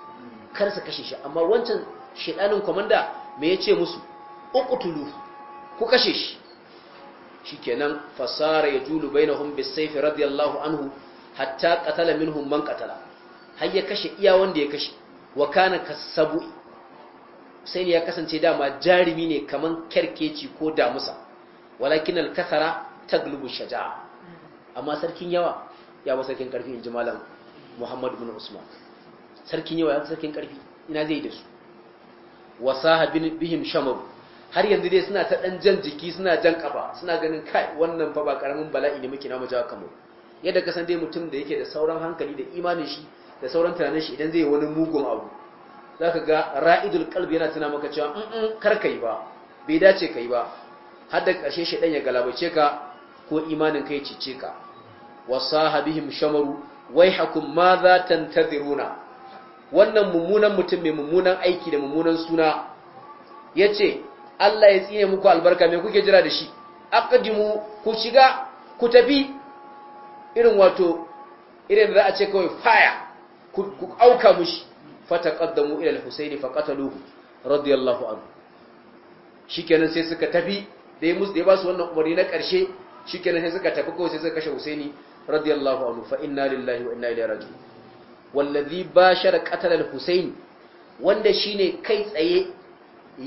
karsa kashe shi amma wancan shedanin komanda me yace musu uqtulu ku kashe shi shikenan fasara yajulu bainahum saifi radiyallahu anhu hatta katala minhum man qatala har ya kashe iya wanda ya kashe wa kana kasabu sai ya kasance dama jarimi ne kaman kerkeci ko damusa walakin al-kathara taglubu shaja'a amma sarkin yawa ya sarkin karfi in ji malam Muhammad bin Usman sarkin yawa ya sarkin ƙarfi ina zai da su wasaha bihim shamaru har yanzu dai suna ta ɗan jan jiki suna jan ƙafa, suna ganin kai wannan fa ba ƙaramin bala'i ne muke namu jawa kamar yadda ka san dai mutum da yake da sauran hankali da imanin shi da sauran tunanin shi idan zai yi wani mugun abu za ka ga ra'idul kalbi yana tuna maka cewa in kar ka yi ba bai dace ka yi ba har da ƙarshe ɗan ya galabace ka ko imanin kai cice ka wasaha bihim shamaru hakun ma za tantaziruna wannan mummunan mutum mai mummunan aiki da mummunan suna ya ce Allah ya tsine muku albarka mai kuke jira da shi akadimu ku shiga ku tafi irin wato irin da za a ce kawai faya ku auka mushi fata kaddamu ila al-husaini fa qataluhu radiyallahu anhu shikenan sai suka tafi da ya musu da ya ba su wannan umarni na karshe shikenan sai suka tafi kawai sai suka kashe husaini radiyallahu anhu fa inna lillahi wa inna ilaihi raji'un wallazi bashara qatal al-husayn wanda shine kai tsaye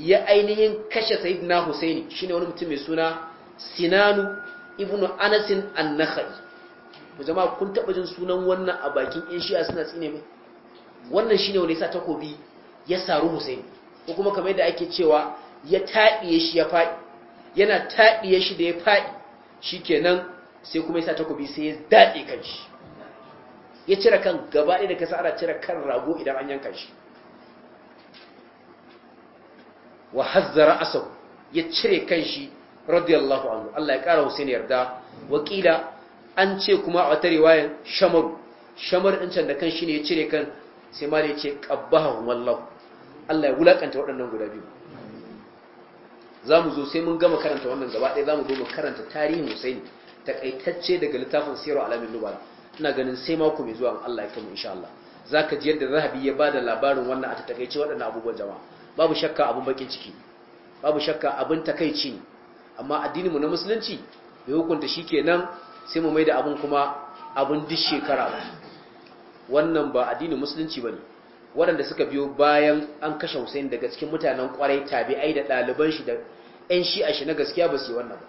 ya ainihin kashe sayyidina husaini shine wani mutum mai suna sinanu ibnu anas an-nakhai jama'a kun taba jin sunan wannan a bakin yan shi'a suna tsine mai wannan shine wanda yasa takobi ya saru husaini ko kuma kamar yadda ake cewa ya taɗiye shi ya faɗi yana taɗiye shi da ya faɗi shikenan sai kuma yasa takobi sai ya daɗe kanshi ya cire kan gaba ɗaya da kasa ana cire kan rago idan an yanka shi wa hazzara asau ya cire kan shi radiyallahu anhu Allah ya ƙara Hussein yarda wakila an ce kuma a wata riwayar shamaru shamar din can da kan shi ne ya cire kan sai ma ya ce qabbahu wallahu Allah ya wulakanta waɗannan guda biyu za zo sai mun gama karanta wannan gaba ɗaya za mu zo mu karanta tarihin Hussein takaitacce daga littafin Sirru alamin nubala ina ganin sai mako mai zuwa Allah ya kama insha Allah ka ji yadda Zahabi ya bada labarin wannan a ta takaice waɗannan abubuwan jama'a babu shakka abun bakin ciki babu shakka abun takaici amma addininmu na musulunci bai hukunta nan sai mu maida abun kuma abun duk shekara wannan ba addinin musulunci ba ne, waɗanda suka biyo bayan an kashe Hussein daga cikin mutanen kwarai tabi'ai da ɗaliban shi da 'yan shi'a shi na gaskiya ba su yi wannan ba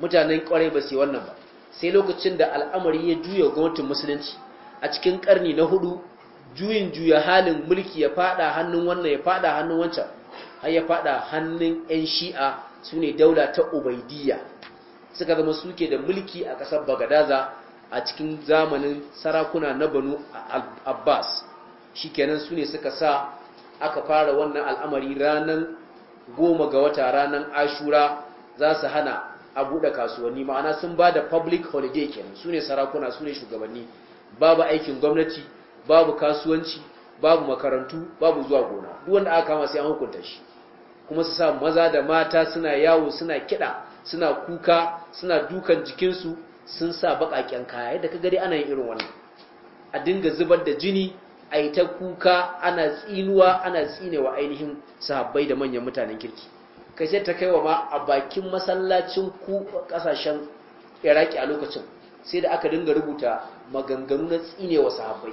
mutanen kwarai ba su yi wannan ba sai lokacin da al'amari ya juya gwamnatin musulunci a cikin ƙarni na hudu juyin juya halin mulki ya fada hannun wannan ya fada hannun wancan har ya fada hannun 'yan shi'a su ne daula ta ubaidiyya suka zama suke da mulki a ƙasar bagadaza a cikin zamanin sarakuna na banu abbas shi kenan su ne suka sa aka fara wannan al'amari ranar goma ga wata ranar ashura za su hana a buɗe kasuwanni ma'ana sun ba da public holiday kenan su ne sarakuna su ne shugabanni babu aikin gwamnati babu kasuwanci babu makarantu babu zuwa gona duk wanda aka kama sai an hukunta shi kuma su sa maza da mata suna yawo suna kiɗa suna kuka suna dukan jikinsu sun sa baƙaƙen kaya yadda ka gari ana yin irin wannan a dinga zubar da jini a yi ta kuka ana tsinuwa ana tsinewa ainihin sahabbai da manyan mutanen kirki kai sai ta kaiwa ma a bakin masallacin ku kasashen iraki a lokacin sai da aka dinga rubuta maganganu na tsinewa sahabbai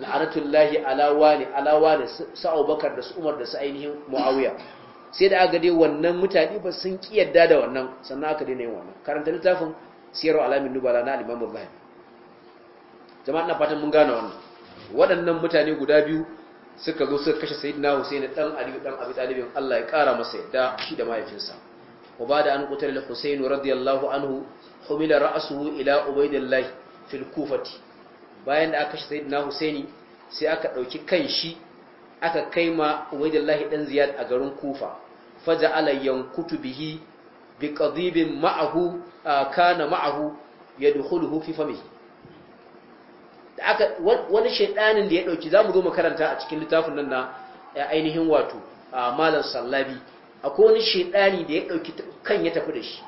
la'anatullahi alawa ne alawa ne su abubakar da su umar da su ainihin muawiya sai da aka dai wannan mutane ba sun ki yadda da wannan sannan aka daina yin wannan karanta littafin siyarwa alamin nubala na alimamun bayan jama'a na fatan mun gane wannan waɗannan mutane guda biyu suka zo suka kashe sayyidina Husaini dan Ali dan Abi Talib Allah ya kara masa yadda shi da mahaifinsa da an qutala Husaini radiyallahu anhu humila ra'suhu ila Ubaydillah fil Kufati bayan da aka kashe sayyidina Husaini sai aka dauki kan shi aka kai ma Ubaydillah dan Ziyad a garin Kufa faja'ala yankutu bihi biqadibin ma'ahu kana ma'ahu yadkhuluhu fi famihi da aka wani shaidanin da ya dauki mu zo makaranta a cikin littafin nan na ainihin wato malam sallabi akwai wani shaidani da ya dauki kan ya tafi da shi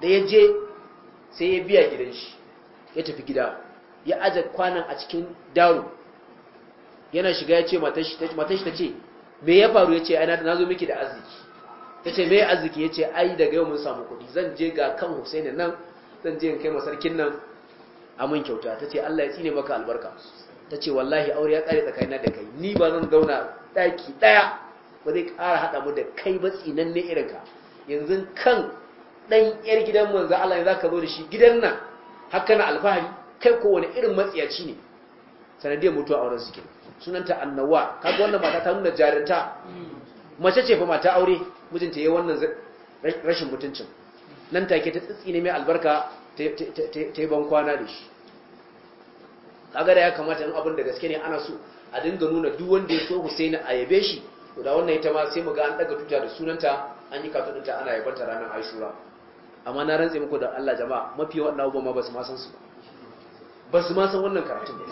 da ya je sai ya biya gidan shi ya tafi gida ya aje kwanan a cikin daro yana shiga ya ce matashi ta ce me ya faru ya ce ai na zo miki da arziki ta ce me arziki ya ce ai daga yau mun samu kuɗi zan je ga kan Husaini nan zan je in kai masarkin nan amin kyauta ta ce Allah ya tsine maka albarka ta ce wallahi aure ya kare tsakanina da kai ni ba zan zauna ɗaki ɗaya ba zai ƙara haɗa mu da kai ba tsinan ne irinka yanzu kan ɗan ƴar gidan manzo Allah ne za zo da shi gidan nan haka na alfahari kai ko wani irin matsiyaci ne sanadiyar mutuwa auren wurin suke sunanta annawa kaga wannan mata ta nuna jarinta mace ce fa mata aure mijinta yayin wannan rashin mutuncin nan take ta tsitsi ne mai albarka ta yi kwana da shi kaga da ya kamata yin abin da gaske ne ana so a dinga nuna duk wanda ya so Husaini a yabe shi Guda da wannan ita ma sai mu ga an daga tuta da sunanta an yi kafin ta ana yabanta ranar aishura amma na rantse muku da Allah jama'a mafi wannan abubuwan ma basu ma san su ba su ma san wannan karatun ba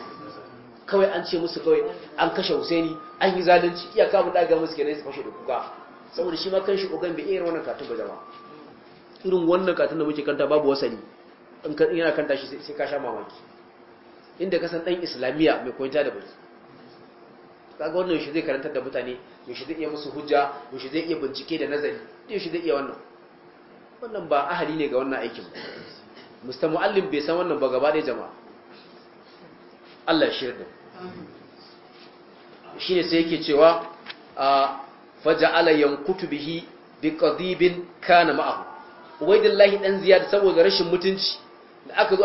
kawai an ce musu kawai an kashe Husaini an yi zalunci ka mu daga musu kenan su fashe da kuka saboda shi ma kanshi ogan bai iya wannan karatun ba jama'a irin wannan karatun da muke kanta babu wasani in ka yana kan tashi sai ka sha mamaki inda ka san dan islamiya mai koyanta da baki kaga wannan yaushe zai karantar da mutane yaushe zai iya musu hujja yaushe zai iya bincike da nazari yaushe zai iya wannan wannan ba ahali ne ga wannan aikin musta muallim bai san wannan ba gaba ɗaya jama'a Allah ya shirya ne sai yake cewa faja'ala yankutu bihi bi qadibin kana ma'ahu ubaidillahi dan ziyad saboda rashin mutunci da aka zo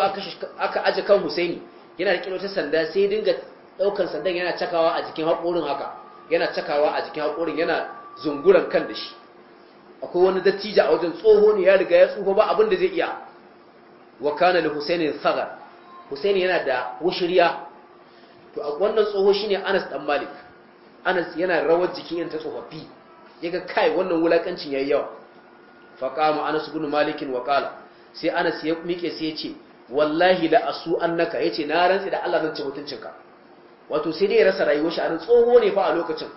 aka aje kan Husaini yana riƙe wata sanda sai dinga ɗaukan sandan yana cakawa a jikin haƙorin haka yana cakawa a jikin haƙorin yana zunguran kan da shi akwai wani dattijo a wajen tsoho ne ya riga ya tsufa ba abin da zai iya wa kana li Husaini thagar Husaini yana da wushiriya to a wannan tsoho shine Anas dan Malik Anas yana rawar jikin yan tsofaffi yaga kai wannan wulakancin yayi yawa faqama Anas ibn Malik wa qala sai anas ya miƙe sai ya ce wallahi la asu annaka yace na rantsi da Allah zan ci mutuncinka wato sai dai ya rasa rayuwa shi a tsoho ne fa a lokacin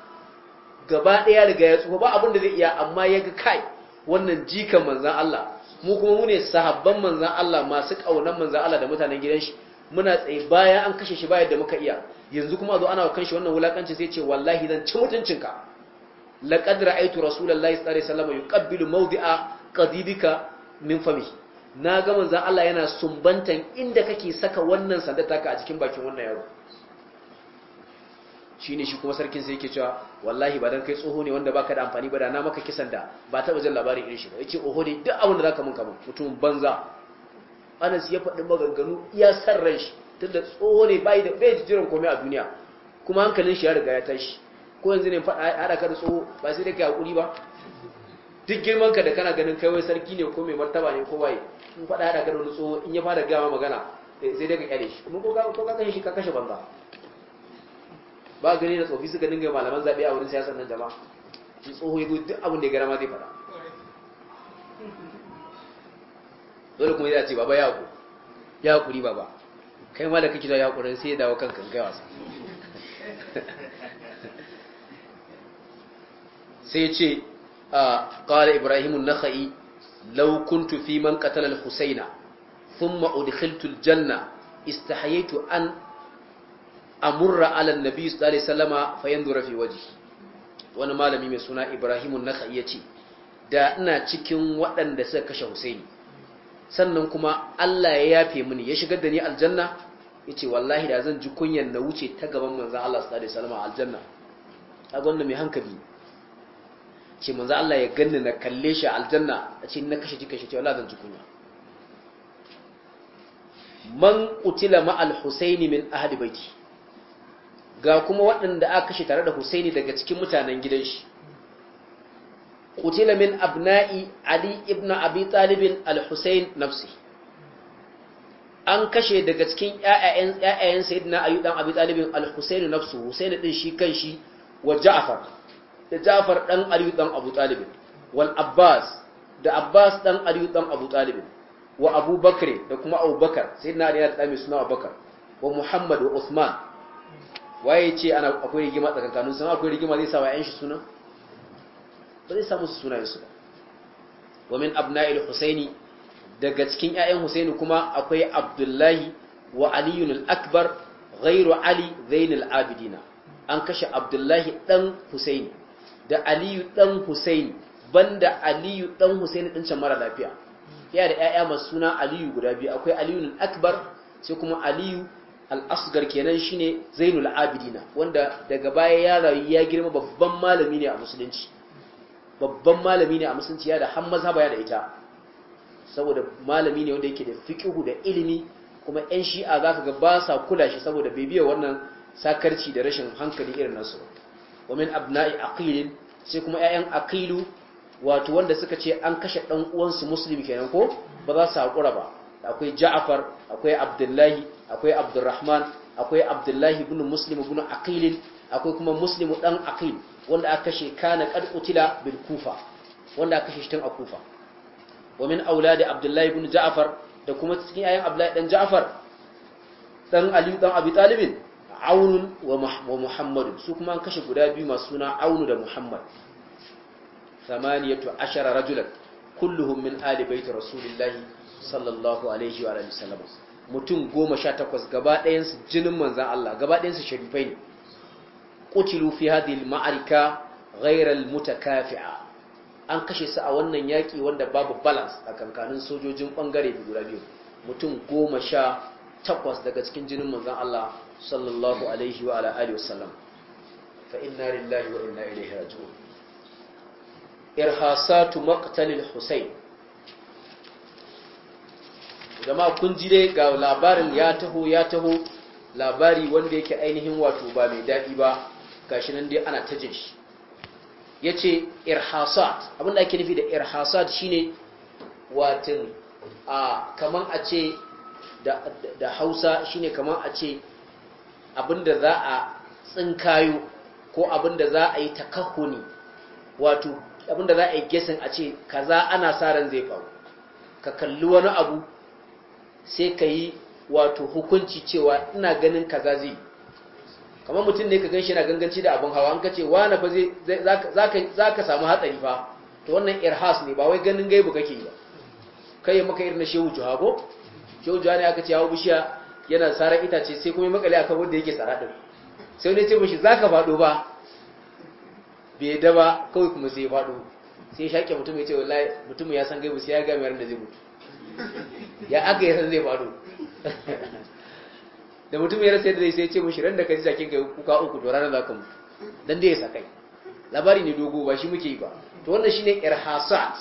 gaba daya riga ya tsoho ba abin da zai iya amma ya kai wannan jikan manzon Allah mu kuma mu ne sahabban manzon Allah masu kaunan manzon Allah da mutanen gidan shi muna tsaye baya an kashe shi bayan da muka iya yanzu kuma zo ana wa kanshi wannan wulakanci sai ce wallahi zan ci mutuncinka laqad ra'aytu rasulullahi sallallahu alaihi wasallam yuqabbilu mawdi'a qadibika min famihi na ga manzan Allah yana sumbantan inda kake saka wannan sanda taka a cikin bakin wannan yaro Shi ne shi kuma sarkin sai yake cewa wallahi ba dan kai tsoho ne wanda baka da amfani ba da na maka kisan da ba taɓa jin labarin irin shi ba ce oho ne duk abin da ka mun kamun mutum banza Anas ya faɗi maganganu iya san ran shi tunda tsoho ne bai da bai jiran komai a duniya kuma hankalin shi ya riga ya tashi ko yanzu ne faɗa haɗa ka da tsoho ba sai dai yi hakuri ba duk girman ka da kana ganin kai wai sarki ne ko mai martaba ne ko waye in faɗa da kada tsoho in ya fara gama magana eh, sai daga kyale shi kuma ko ka kashe shi ka kashe banza ba gani da tsofi suka dinga malaman zaɓe a wurin siyasar nan jama. shi tsoho ya zo duk abin da ya gara ma zai faɗa dole kuma ya ce baba ya ku ya kuri baba kai ma da kake da yakurin sai ya dawo kanka kai wasa sai ya ce ah, qala ibrahimun nakhai Laukun kuntu fi man qatala al-husayna thumma udkhiltu janna istahaytu an amurra ala an-nabi sallallahu fi wajhi wani malami mai suna Ibrahimun Nakhai yace da ina cikin waɗanda suka kashe Husaini sannan kuma Allah ya yafe mini ya shigar da ni aljanna yace wallahi da zan ji kunyan na wuce ta gaban manzon Allah sallallahu alaihi wasallama aljanna kaga wannan mai hankali ce manzo Allah ya ganni na kalle shi aljanna a ce na kashe jikin shi ce wallahi zan ji kunya man qutila ma al-husaini min ahli baiti ga kuma waɗanda aka kashe tare da husaini daga cikin mutanen gidan shi qutila min abna'i ali ibn abi talib al-husain nafsi an kashe daga cikin ƴaƴayen ƴaƴayen sayyidina ayyudan abi talib al-husain nafsu husaini din shi kan shi wa ja'far da Jafar dan Ali dan Abu Talib wal Abbas da Abbas dan Ali dan Abu Talib wa Abu Bakr da kuma Abu Bakar sayyidina Ali ya da mai suna Abu Bakar wa Muhammad wa Uthman waye ce ana akwai rigima tsakankanin sun akwai rigima zai sa wa shi suna ba zai samu su sunayen su ba wa min abna'il Husaini daga cikin 'ya'yan Husaini kuma akwai Abdullahi wa Aliyu al-Akbar ghairu Ali Zainul Abidina an kashe Abdullahi dan Husaini da aliyu dan husaini banda aliyu ɗan husaini din can mara lafiya yana da 'ya'ya masu suna aliyu guda biyu akwai aliyu akbar sai kuma aliyu al'asgar kenan kenan shine zainul abidina wanda daga baya ya rayu ya girma babban malami ne a musulunci babban malami ne a musulunci ya da har mazhaba ya da ita saboda malami ne wanda yake da fikihu da ilimi kuma 'yan shi'a zaka ga ba sa kula shi saboda bai biya wannan sakarci da rashin hankali irin nasu wa min abna'i aqil sai kuma ƴaƴan aqilu wato wanda suka ce an kashe dan uwansu muslimi kenan ko ba za su hakura ba akwai Ja'far akwai Abdullahi akwai Abdurrahman akwai Abdullahi ibn Muslim ibn Aqil akwai kuma Muslim dan Aqil wanda aka kashe kana qad utila bil Kufa wanda aka kashe shi tun a Kufa wa min auladi Abdullahi ibn Ja'far da kuma cikin ƴaƴan Abdullahi dan Ja'far dan Ali dan Abi Talib aunun wa muhammadu su kuma an kashe guda biyu masu suna aunu da muhammad samaniyatu ashara rajulat kulluhum min ali baiti rasulillahi sallallahu alaihi wa alihi wasallam mutum 18 gaba ɗayan su jinin manzon Allah gaba ɗayan su sharifai ne qutilu fi hadhihi al-ma'arika ghayra al-mutakafi'a an kashe su a wannan yaki wanda babu balance a kankanin sojojin bangare guda biyu mutum takwas daga cikin jinin manzon Allah sallallahu alaihi عليه وعلى آله وسلم لله wa inna ilaihi مقتل irhasatu maqtalil husayn jama'a قال لابار dai ga labarin ya taho ya taho labari wanda yake ainihin wato ba mai daɗi ba nan ana ta yace irhasat abinda ake nufi da irhasat shine watin a kaman a ce da Hausa shine kaman a ce abinda za a tsinkayo ko abinda za a yi takahuni wato abinda za a yi gesin a ce kaza ana sa ran zai faru ka kalli wani abu sai ka yi wato hukunci cewa ina ganin kaza zai kamar mutum ne ka gan shi na ganganci da abin hawa an ka ce na fa za ka samu hatsari fa to wannan irhas ne ba wai ganin gaibu kake yi ba kai maka irin na shehu juha ko shehu juha ne aka ce yawon bishiya yana tsara itace sai kuma makale akan wanda yake tsara din sai wani ce mishi zaka fado ba bai da ba kawai kuma sai ya fado sai shake mutum ya ce wallahi mutum ya san gaibu sai ya ga mai ran da zai mutu ya aka yasan san zai fado da mutum ya rasa yadda zai sai ce mishi ran da ka ji jakin kai kuka uku to ranar zaka mutu dan dai ya kai labari ne dogo ba shi muke yi ba to wannan shine irhasat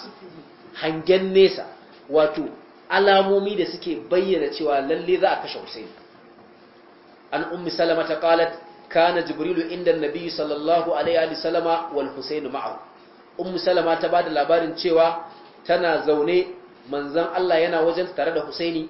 hangen nesa wato alamomi da suke bayyana cewa lalle za a kashe Hussein an ummi salama ta qalat kana jibrilu inda annabi sallallahu alaihi wa wal husayn ma'ahu ummi salama ta da labarin cewa tana zaune manzon Allah yana wajen tare da Husaini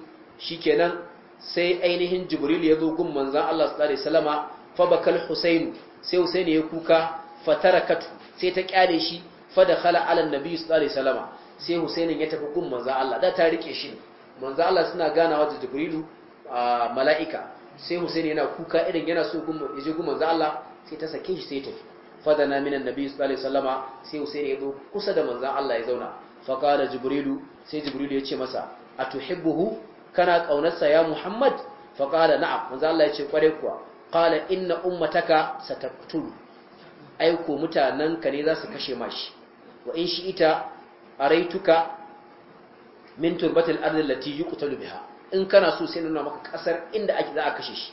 kenan sai ainihin Jibrilu ya zo gun manzon Allah sallallahu alaihi wasallama fa bakal sai Husaini ya kuka fatarakat sai ta kyale shi fa dakhala ala annabi sallallahu alaihi sai husainin ya tafi gun manzo Allah da ta rike shi manzo Allah suna ganawa da jibrilu a mala'ika sai husaini yana kuka irin yana so gun yaje kun manzo Allah sai ta sake shi sai tafi na minan nabi sallallahu alaihi wasallama sai husaini ya zo kusa da manzo Allah ya zauna fa qala jibrilu sai jibrilu ya ce masa atuhibbuhu kana kaunarsa ya muhammad fa qala na'am manzo Allah ya ce kware kuwa qala inna ummataka sataqtul aiko ka ne za su kashe mashi wa in shi ita araituka min turbatil ardi allati yuqtalu biha in kana so sai nuna maka kasar inda ake za a kashe shi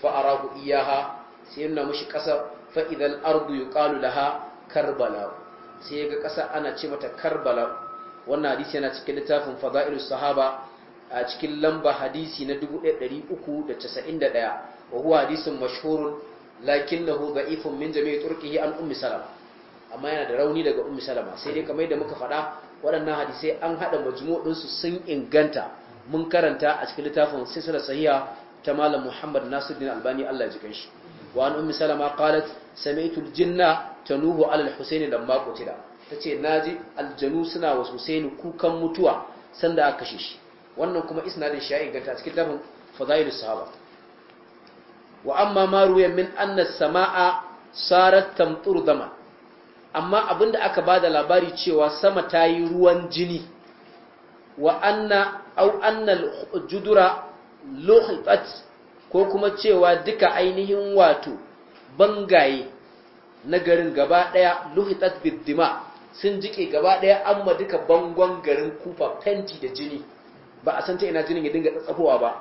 fa arahu iyaha sai nuna mishi kasar fa idan ardu yuqalu laha karbala sai ga kasa ana ce mata karbala wannan hadisi yana cikin littafin fadailu sahaba a cikin lamba hadisi na 1391 wa huwa hadisin mashhurun lakinnahu da'ifun min jami'i turkihi an ummi salama amma yana da rauni daga Ummi salama sai dai kamar yadda muka faɗa waɗannan hadisai an haɗa majmu'in su sun inganta mun karanta a cikin littafin silsilar sahiya ta malam Muhammad Nasiruddin Albani Allah ji kanshi wa an Ummi salama qalat sami'tu jinna tanuhu ala al-husayn ta qutila tace naji aljanu suna wa husaini kukan mutuwa sanda aka kashe shi wannan kuma isnadin shi ya inganta a cikin littafin fadailus sahaba wa amma ma min anna samaa sarat tamtur dama amma abin da aka ba da labari cewa sama ta yi ruwan jini wa anna au anna judura luhitat ko kuma cewa duka ainihin wato bangaye na garin gaba daya luhitat biddima sun jike gaba daya amma duka bangon garin kufa fenti da jini ba a san ta ina jinin ya dinga tsatsafowa ba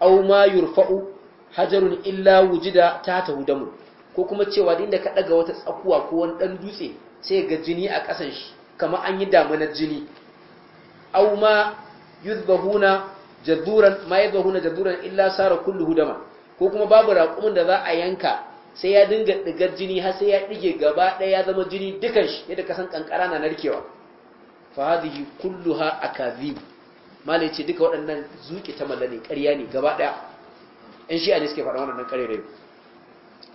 au ma yurfa'u hajarun illa wujida ta tahu mu. ko kuma cewa inda ka daga wata tsakuwa ko wani dan dutse sai ga jini a kasan shi kamar an yi damunar jini aw ma yuzbahuna jaduran ma yuzbahuna jaduran illa sara kullu hudama ko kuma babu raƙumin da za a yanka sai ya dinga digar jini har sai ya dige gaba ɗaya ya zama jini dukan shi yadda kasan kankara na narkewa fa hadhihi kulluha akazib mallai ce duka waɗannan zuƙi ta mallane ƙarya ne gaba ɗaya in a ne suke faɗa waɗannan ƙarya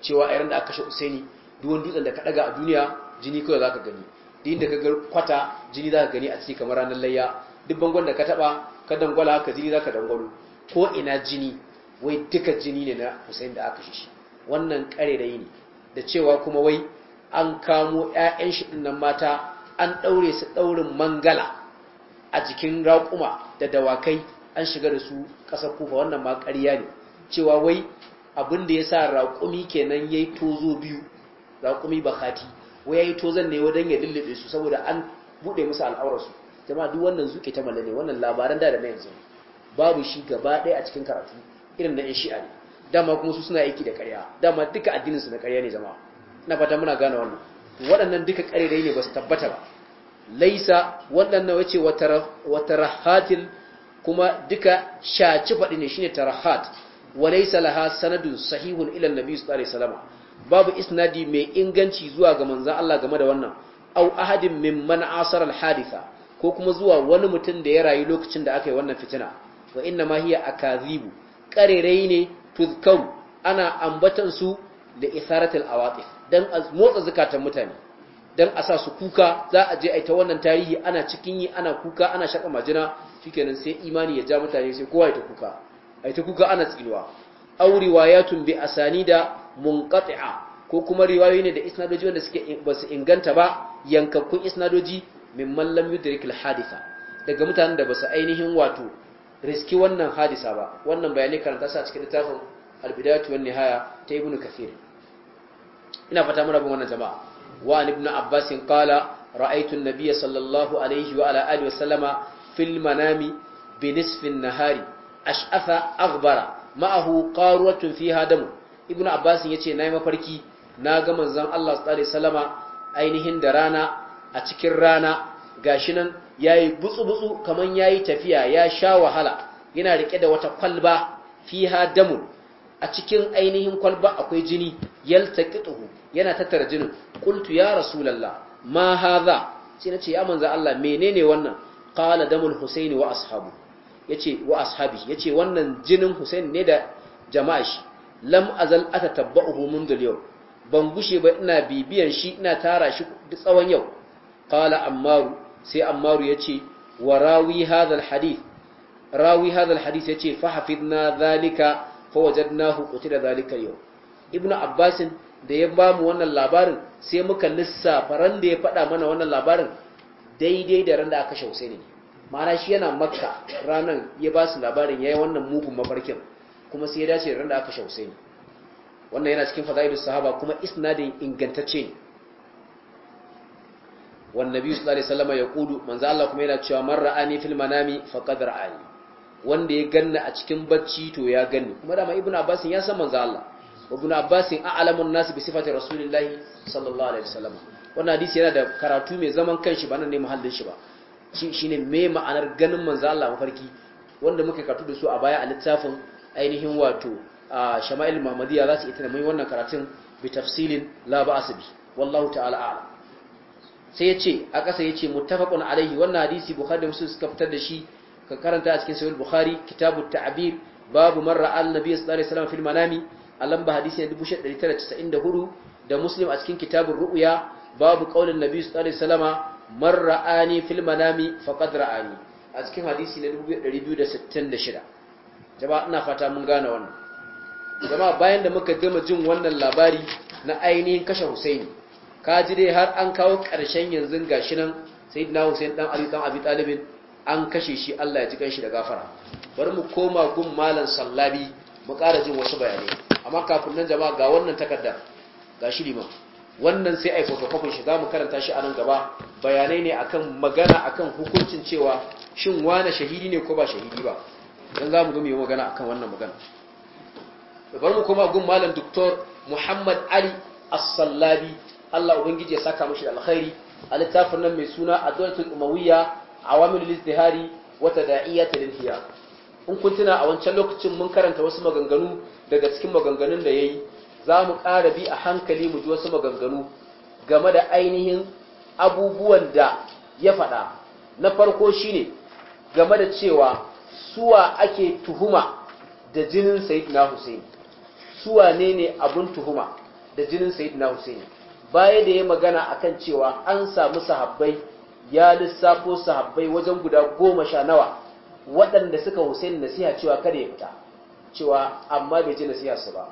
cewa a yaran da aka kashe usaini duwan dutsen da ka ɗaga a duniya jini kawai ka gani din da ka ga kwata jini za ka gani a ciki kamar ranar layya duk bangon da ka taɓa ka dangwala haka jini za ka dangwalo ko ina jini wai duka jini ne na Hussein da aka shishi. wannan kare da ne da cewa kuma wai an kamo 'ya'yan shi nan mata an ɗaure su ɗaurin mangala a jikin raƙuma da dawakai an shiga da su ƙasar kufa wannan ma ƙarya ne cewa wai abin da ya sa raƙumi kenan ya yi tozo biyu raƙumi bakati wai ya yi tozon ne wadan ya lullube su saboda an buɗe musu al'aurarsu jama'a duk wannan zuke ta malale wannan labaran da da yanzu babu shi gaba ɗaya a cikin karatu irin na 'yan shi'a ne dama kuma su suna aiki da ƙarya dama duka addininsu na ƙarya ne zama na fata muna gane wannan waɗannan duka ƙarerai ne ba su tabbata ba laisa waɗannan wace wata rahatin kuma duka shaci faɗi ne shine tarahat لها سند صحيح sahihun النبي صلى الله عليه وسلم babu isnadi mai inganci zuwa ga manzon Allah game da wannan au ahadin mimman asara al ko kuma zuwa wani mutum da ya rayu lokacin da aka yi wannan fitina wa inna ma hiya akazibu karerai ne tuzkaru ana ambatan su da isaratul awatif dan a motsa zakatan mutane dan asa su kuka za a je a ta wannan tarihi ana cikin yi ana kuka ana shaka majina shikenan sai imani ya ja mutane sai kowa ya ta kuka ai ta kuka ana tsinuwa aw riwayatun bi asanida munqati'a ko kuma riwayoyi ne da isnadoji wanda suke basu inganta ba yankakkun isnadoji min man lam yudrik al hadisa. daga mutanen da basu ainihin wato riski wannan hadisa ba wannan bayani karanta sa cikin littafin al-bidayatu wan nihaya ta ibnu kathir ina fata mun rabin wannan jama'a wa ibn abbas qala ra'aytu an-nabiy sallallahu alayhi wa ala alihi wa sallama fil manami bi nahari ash'afa aghbara ma'ahu qaruwatun fiha damu ibnu abbas yace nayi mafarki na ga manzon Allah sallallahu alaihi wasallama ainihin da rana a cikin rana Ga shi nan yayi butsu-butsu kaman yayi tafiya ya sha wahala yana riƙe da wata kwalba fiha damu a cikin ainihin kwalba akwai jini yaltaqituhu yana tattara jinin Kultu ya rasulullah ma hadha sai nace ya manzon Allah menene wannan qala damul Hussaini wa ashabu yace wa ashabi yace wannan jinin Hussein ne da jama'a shi lam azal atatabba'uhu mundu yau, ban gushe ba ina bibiyan shi ina tara shi tsawon yau qala ammaru sai ammaru yace wa rawi hadha alhadith rawi hadha alhadith yace fa hafidna dhalika fa wajadnahu qutila dhalika yau ibnu abbasin da ya ba mu wannan labarin sai muka lissa faran da ya faɗa mana wannan labarin daidai da ran da aka kashe Husaini ne ma'ana shi yana makka ranan ya ba su labarin yi wannan mugun mafarkin kuma sai ya dace da ran da aka sha ni wannan yana cikin fada'idu sahaba kuma isnadin ingantacce ne wan nabi sallallahu alaihi wasallam ya kudu manzo Allah kuma yana cewa man ra'ani fil manami faqad ra'ani wanda ya ganna a cikin bacci to ya ganni kuma da ma ibnu abbas ya san manzo Allah ibnu abbas an nas bi sifati rasulillahi sallallahu alaihi wasallam wannan hadisi yana da karatu mai zaman kanshi ba nan ne muhallin shi ba shi ne me ma'anar ganin manzan Allah mafarki wanda muka karatu da su a baya a littafin ainihin wato a shama'il muhammadiyya za su yi mai wannan karatun bi tafsilin laba asibi wallahu ta'ala ala sai ya ce a ƙasa ya ce muttafaqun alaihi wannan hadisi bukhari da musu suka fitar da shi ka karanta a cikin sahih bukhari kitabu ta'abir babu man ra'a annabi sallallahu alaihi wasallam fil manami a lamba hadisi 1994 da muslim a cikin kitabun ru'ya babu qaulin nabi sallallahu alaihi salama. man ra'ani fil manami faqad ra'ani a cikin hadisi na 266 jama'a ina fata mun gane wannan jama'a bayan da muka gama jin wannan labari na ainihin kashe Husaini kaji dai har an kawo ƙarshen yanzu gashi nan sayyidina Husain dan Ali dan Abi Talib an kashe shi Allah ya ji kanshi da gafara bari mu koma gun malam Sallabi mu ƙara jin wasu bayanai amma kafin nan jama'a ga wannan takarda ga shi liman wannan sai ai photocopy shi zamu karanta shi a nan gaba bayanai ne akan magana akan hukuncin cewa shin wani shahidi ne ko ba shahidi ba dan zamu ga me magana akan wannan magana bar mu kuma gun malam doktor Muhammad Ali as Allah ubangiji ya saka mishi alkhairi a littafin nan mai suna a Umawiyya Awamilul Izdihari wa ta Inhiya in kun tuna a wancan lokacin mun karanta wasu maganganu daga cikin maganganun da ya yi. za mu ƙara bi a hankali mu ji wasu maganganu game da ainihin abubuwan da ya faɗa na farko shine game da cewa suwa ake tuhuma da jinin sayyidina Hussein suwa ne ne abun tuhuma da jinin sayyidina Hussein baya da ya magana akan cewa an samu sahabbai ya lissafo sahabbai wajen guda goma sha nawa waɗanda suka Hussein nasiha cewa kada ya fita cewa amma bai ji nasiha su ba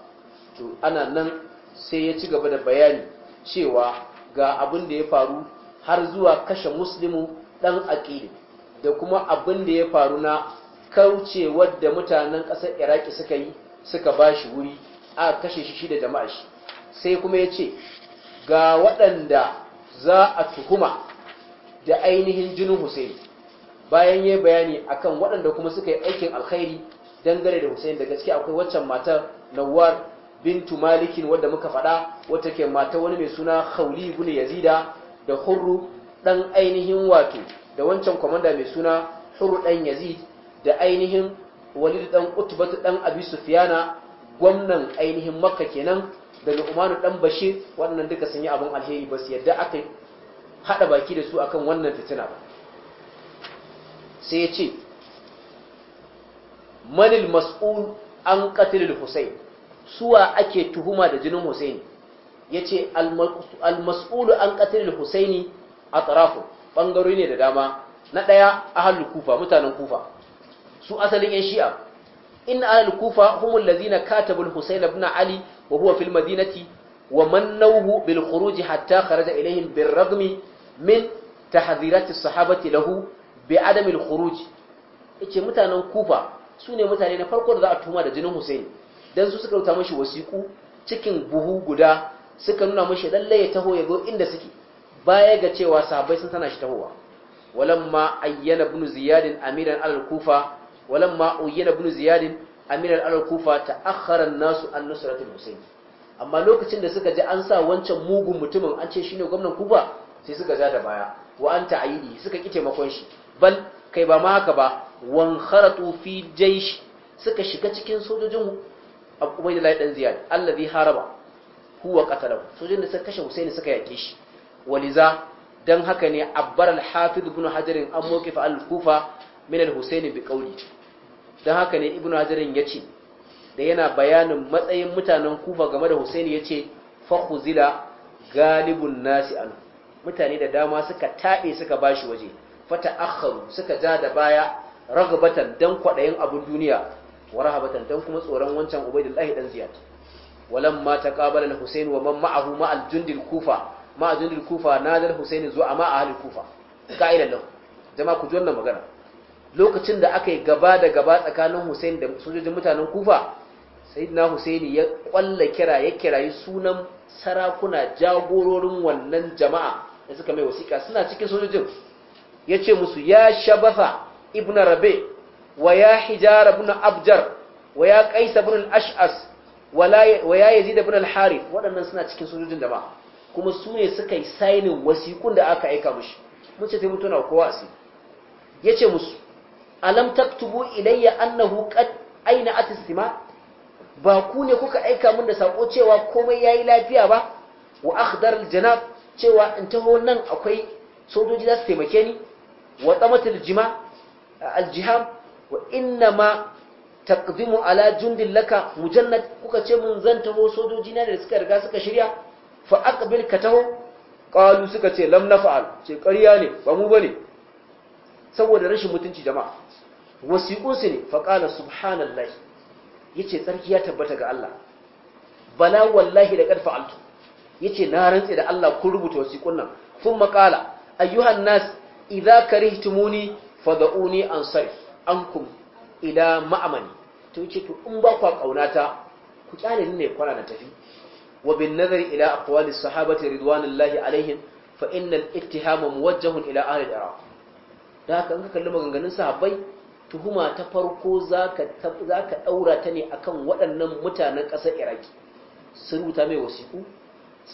to ana nan sai ya ci gaba da bayani cewa ga abin da ya faru har zuwa kashe muslimu dan aqili da kuma abin da ya faru na kaucewar da mutanen ƙasar iraki suka yi suka ba shi wuri a kashe shi da jama'a shi sai kuma ya ce ga waɗanda za a tuhuma da ainihin jinin Hussein bayan ya bayani akan waɗanda kuma suka yi aikin alkhairi dangare da Hussein da gaske akwai waccan matar Nawar bintu malikin wadda muka faɗa wata ke mata wani mai suna khauli ibn yazida da hurru dan ainihin wato da wancan Kwamanda mai suna hurru dan yazid da ainihin walid dan utbatu dan abi sufyana gwamnan ainihin makka kenan da lu'manu dan bashir wannan duka sun yi abin alheri ba su yadda aka hada baki da su akan wannan fitina ba sai ya ce manil mas'ul an qatil husayn suwa ake tuhuma da jinin Husaini yace ce masulu an qatil Husaini atrafu bangarori ne da dama na a ahlul kufa mutanen kufa su asalin yan shi'a in ahlul kufa humul ladina katabul Husain ibn Ali wa huwa fil madinati wa mannauhu bil hatta kharaja ilayhim bir ragmi min tahdhirati sahabati lahu bi adami al yace mutanen kufa su ne mutane na farko da za a tuhuma da jinin Husaini dan su suka rubuta mashi wasiku cikin buhu guda suka nuna mashi lalle ya taho ya zo inda suke baya ga cewa sahabbai sun tana shi tahowa walamma ayyana ibn ziyad amiran al-kufa walamma ayyana ibn ziyad amiran al-kufa ta'akhkhara an-nasu an nusrat al-husayn amma lokacin da suka ji an sa wancan mugun mutumin an ce shine gwamnan kufa sai suka ja da baya wa anta ayidi suka ki taimakon shi bal kai ba ma haka ba wan kharatu fi jaysh suka shiga cikin sojojin ɗan dan ziyad allazi haraba huwa qatalahu sojin da suka kashe husaini suka yake shi waliza dan haka ne abbar al-hafiz ibn hajar an moke al-kufa min al-husaini bi qawli dan haka ne ibn hajar yace da yana bayanin matsayin mutanen kufa game da husaini yace zila galibun nasi an mutane da dama suka taɓe suka bashi waje fata akharu suka ja da baya ragabatan dan kwaɗayin abun duniya wa rahabatan dan kuma tsoron wancan ubaidullahi dan ziyad ma taqabala al-husayn wa man ma'ahu al jundil kufa al jundil kufa nadal husayn zu'a ma'a ahli kufa ka'ila lahu jama'a ku ji wannan magana lokacin da aka yi gaba da gaba tsakanin husayn da sojojin mutanen kufa sayyidina husayn ya kwalla kira ya yi sunan sarakuna jagororin wannan jama'a da suka mai wasiƙa suna cikin sojojin ya ce musu ya shabafa ibn rabe wa ya hijara ibn abjar wa ya qaisa ibn al-ash'as wa ya yazid ibn al-harith waɗannan suna cikin sojojin da ba kuma su ne suka yi sainin wasiƙun da aka aika mushi mun ce mutu na kowa asiri yace musu alam taktubu ilayya annahu qad aina atisma ba ku ne kuka aika min da sako cewa komai yayi lafiya ba wa akhdar janab cewa in taho nan akwai sojoji za su taimake ni wa tamatul jima aljiham wa inna ma taqdimu ala jundin laka mujannad kuka ce mun zan taho sojoji na da suka riga suka shirya fa aqbil ka taho qalu suka ce lam naf'al ce ƙarya ne ba mu bane saboda rashin mutunci jama'a wasiqun su ne fa qala yace tsarki ya tabbata ga Allah bala wallahi da qad fa'altu yace na rantse da Allah kun rubuta wasikun nan fun qala ayyuhan nas idza karihtumuni an ansarif ankum ila ma'amani to yace to in ba ku kaunata ku kyale ni ne kwana na tafi wa bin nazari ila aqwali sahabati ridwanullahi alaihim fa innal ittihama muwajjahun ila ahli al-iraq da haka in ka kalli maganganun sahabbai tuhuma ta farko zaka zaka daura ta ne akan waɗannan mutanen ƙasar iraki sun rubuta mai wasiku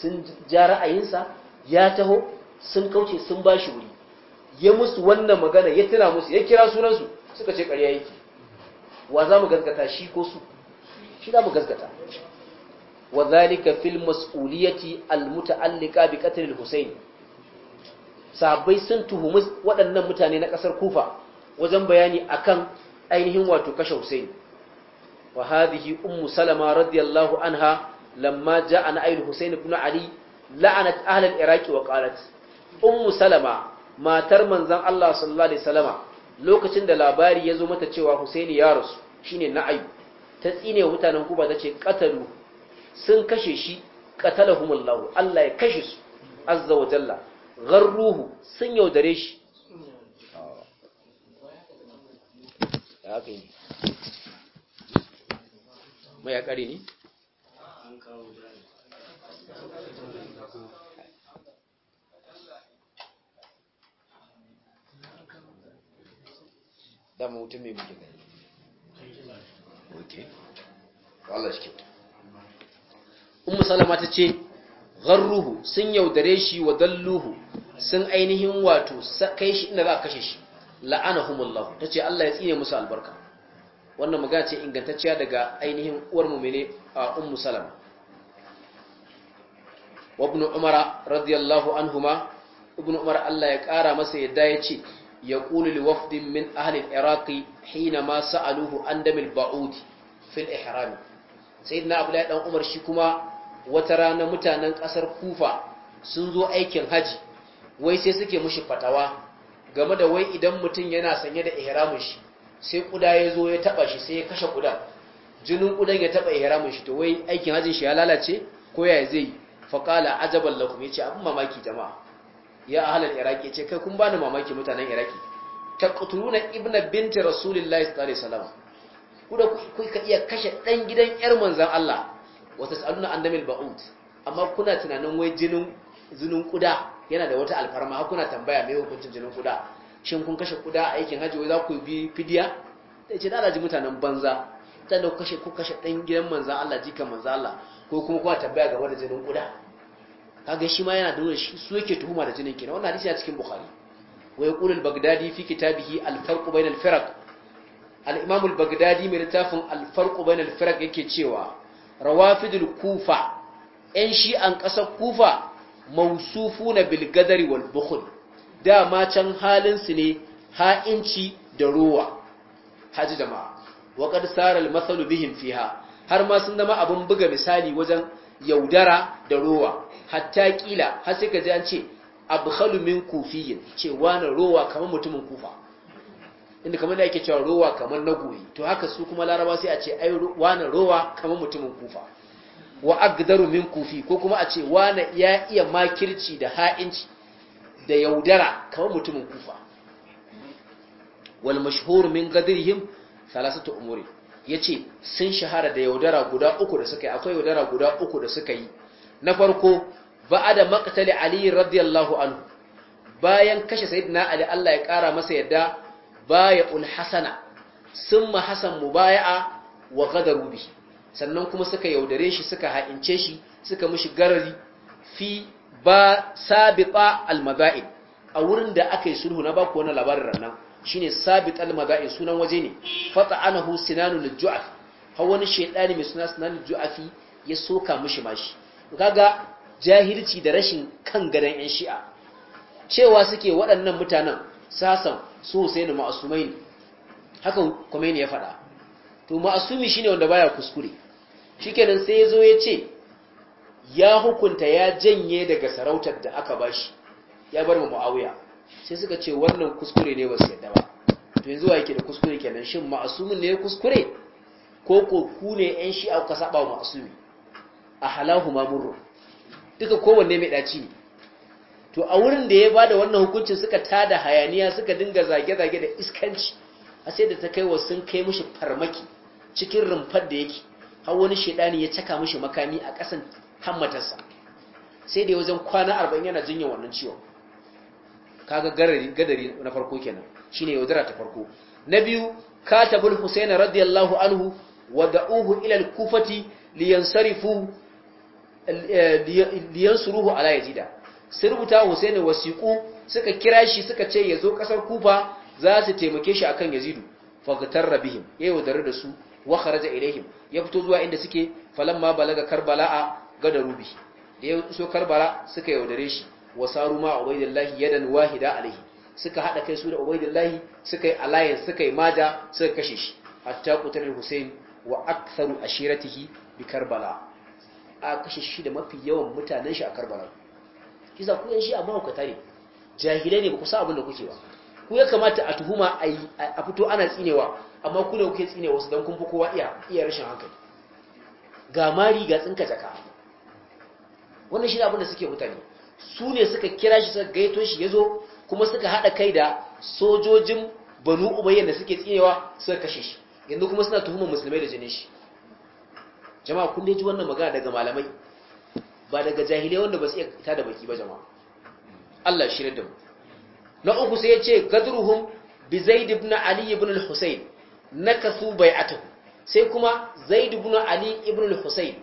sun ja ra'ayinsa ya taho sun kauce sun bashi wuri ya musu wannan magana ya tuna musu ya kira sunansu suka ce ƙarya yake wa za mu gaskata shi ko su shi za mu gaskata wa zalika fil mas'uliyati al muta'alliqa bi qatl al husayn sahabbai sun tuhumi waɗannan mutane na ƙasar kufa wajen bayani akan ainihin wato kashe husayn wa hadhihi ummu salama radiyallahu anha lamma ja'a na'il husayn ibn ali la'anat ahli al iraqi wa qalat ummu salama matar manzon Allah sallallahu alaihi wasallama lokacin da labari ya zo mata cewa husaini ya rasu shine na'ayu ta tsine mutanen kuba tace ce qatalu sun kashe shi qatalahumullahu Allah ya kashe su azza wa jalla garruhu sun yaudare shi mai ya kare ne dama wuta mai muke gani ok Allah shi kyau ummu salama ta ce gharruhu sun yaudare shi wa dalluhu sun ainihin wato kai shi inda za a kashe shi la'ana ta ce Allah ya tsine musu albarka wannan magana ce ingantacciya daga ainihin uwar mu'mine a ummu salama wa ibn umara radiyallahu anhuma ibn umar Allah ya kara masa yadda ya ce يقول لوفد من أهل العراق حينما سألوه Ihrami, دم البعود في الإحرام سيدنا أبو الله rana شكما وترانا متانا sun zo سنزو أيكين هجي sai suke مش فتوا game da wai idan mutum yana sanye da ihramin shi sai kuda ya zo ya taba shi sai ya kashe kuda jinin kudan ya taba ihramin shi to wai aikin hajin shi ya lalace ko ya zai faqala ajaban lakum yace abin mamaki jama'a ya ahalar iraki ce kai kun bani mamaki mutanen iraki Ta kuturuna, ibna binti rasulillahi sallallahu alaihi wasallam ku da iya kashe dan gidan yar manzon Allah wa tasaluna an damil ba'ud amma kuna tunanin wai jinin zinun kuda yana da wata alfarma har kuna tambaya me hukuncin jinin kuda shin kun kashe kuda a aikin haji wai za ku bi fidiya sai ce da mutanen banza tana kashe ku kashe dan gidan manzon Allah jika manzon Allah ko kuma kuwa tambaya game da jinin kuda kaga shi ma yana da wurin shi su yake tuhuma da jinin kenan wannan hadisi a cikin bukhari wa Bagdadi al-baghdadi fi kitabihi al-farq bayna al-firaq al-imam al-baghdadi mai littafin al-farq bayna al-firaq yake cewa rawafid al-kufa ɗan shi an ƙasar kufa mausufuna bil gadari wal bukhl dama can halin su ne ha'inci da ruwa haji jama'a wa qad sara al-mathalu bihim fiha har ma sun zama abin buga misali wajen yaudara da rowa hatta kila har sai ka ji an ce abkhalu min kufiyin ce wani rowa kamar mutumin kufa inda kamar da yake cewa rowa kamar na goyi to haka su kuma laraba sai a ce ai wani rowa kamar mutumin kufa wa aqdaru min kufi ko kuma a ce wani ya iya makirci da ha'inci da yaudara kamar mutumin kufa wal mashhur min gadrihim salasatu umuri ya ce sun shahara da yaudara guda uku da suka yi akwai yaudara guda uku da suka yi na farko ba da makatali aliyu radiyallahu anhu bayan kashe sayidina ali allah ya kara masa yadda baya ulhasana sun ma hasan a wa gadaru bi sannan kuma suka yaudare shi suka ha'ince shi suka mushi garari fi ba sabita al a wurin da aka yi sulhu na ku wani labarin nan shine sabit al-maza'i sunan waje ne fata'anahu sinanul ju'af har wani shaydani mai suna sinanul ju'afi ya soka mishi mashi kaga jahilci da rashin kan gadan yan shi'a cewa suke waɗannan mutanen sasan su ne ma'asumai ne hakan ne ya faɗa to ma'asumi shine wanda baya kuskure shikenan sai yazo ya ce ya hukunta ya janye daga sarautar da aka bashi ya bar mu Muawiya sai suka ce wannan kuskure ne ba su yadda ba to yanzu wa yake da kuskure kenan shin ma'asumin ne ya kuskure ko ko ku ne yan shi'a kuka saba wa ma'asumi a halahu mamurru duka kowanne mai ɗaci ne to a wurin da ya bada wannan hukuncin suka tada hayaniya suka dinga zage-zage da iskanci a sai da ta kai wa sun kai mushi farmaki cikin rumfar da yake har wani shedani ya caka mushi makami a ƙasan hammatarsa sai da wajen kwana arba'in yana jinya wannan ciwon kaga gadari na farko kenan shine yaudara ta farko na biyu katabul husayn radiyallahu anhu wada'uhu ila al-kufati liyansarifu eh, liyansuruhu ala yazida sai rubuta husayn wasiqu suka kira shi suka ce yazo kasar kufa za su taimake shi akan yazidu faqtarra bihim ya wadare da su wa kharaja ilaihim ya fito zuwa inda suke falamma balaga karbala'a gadarubi da ya iso karbala suka yaudare shi wasaru ma ubaidillahi yadan wahida alaihi suka hada kai su da ubaidillahi suka yi alliance suka yi maja suka kashe shi hatta qutal husayn wa aktharu ashiratihi bi karbala a kashe shi da mafi yawan mutanen shi a karbala kisa ku yan shi amma ku tare jahilai ne ba ku sa abin da kuke ba ku ya kamata a tuhuma a fito ana tsinewa amma ku ne kuke tsinewa su dan kun fi kowa iya iya rashin hankali ga mari ga tsinka jaka wannan shi ne abin da suke mutane su ne suka kira shi suka gaito shi ya zo kuma suka haɗa kai da sojojin banu umayyan da suke tsiyewa suka kashe shi yanzu kuma suna tuhumar musulmai da jinin shi jama'a kun dai ji wannan magana daga malamai ba daga jahiliya wanda ba su iya ta da baki ba jama'a Allah shi da mu na uku sai ya ce gadruhum bi zaid ibn ali ibn al-husayn nakasu bai'atuhu sai kuma zaid ibn ali ibn al-husayn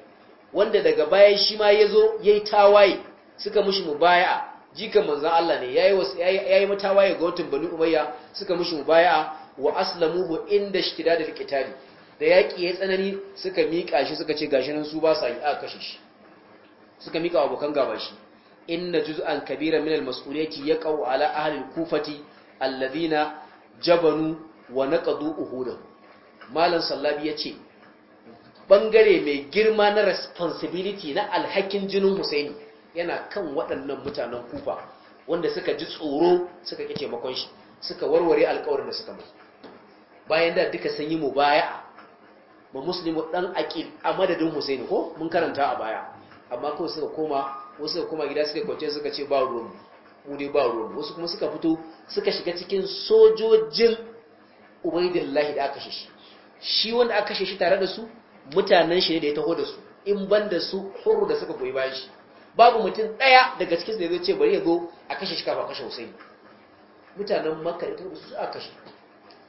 wanda daga baya shi ma yazo yayi tawaye suka mushi mubaya'a jikan manzan Allah ne yayi yayi waye ga wutun Bani Umayya suka mushi mubaya'a wa aslamuhu inda shikida da qitali da yaki ya tsanani suka mika shi suka ce gashi nan su ba sa yi kashe shi suka mika wa bakan gaba shi inna juz'an kabira min al-mas'uliyati yaqaw ala ahli al-kufati alladhina jabanu wa naqadu uhudah malam sallabi yace bangare mai girma na responsibility na alhakin jinin Husaini yana kan waɗannan mutanen kufa wanda suka ji tsoro suka ƙi taimakon shi suka warware alkawarin da suka mai bayan da duka sun yi mu baya ba musulmi ɗan aƙil a madadin husaini ko mun karanta a baya amma kawai suka koma wasu suka koma gida suka kwance suka ce ba ruwan mu ne ba ruwan wasu kuma suka fito suka shiga cikin sojojin ubaidillahi da aka shi shi wanda aka shi tare da su mutanen shi ne da ya taho da su in ban da su hurru da suka goyi bayan shi babu mutum ɗaya daga cikin da zai ce bari ya zo a kashe shi kafa kashe Hussein mutanen Makka da Tabu su a kashe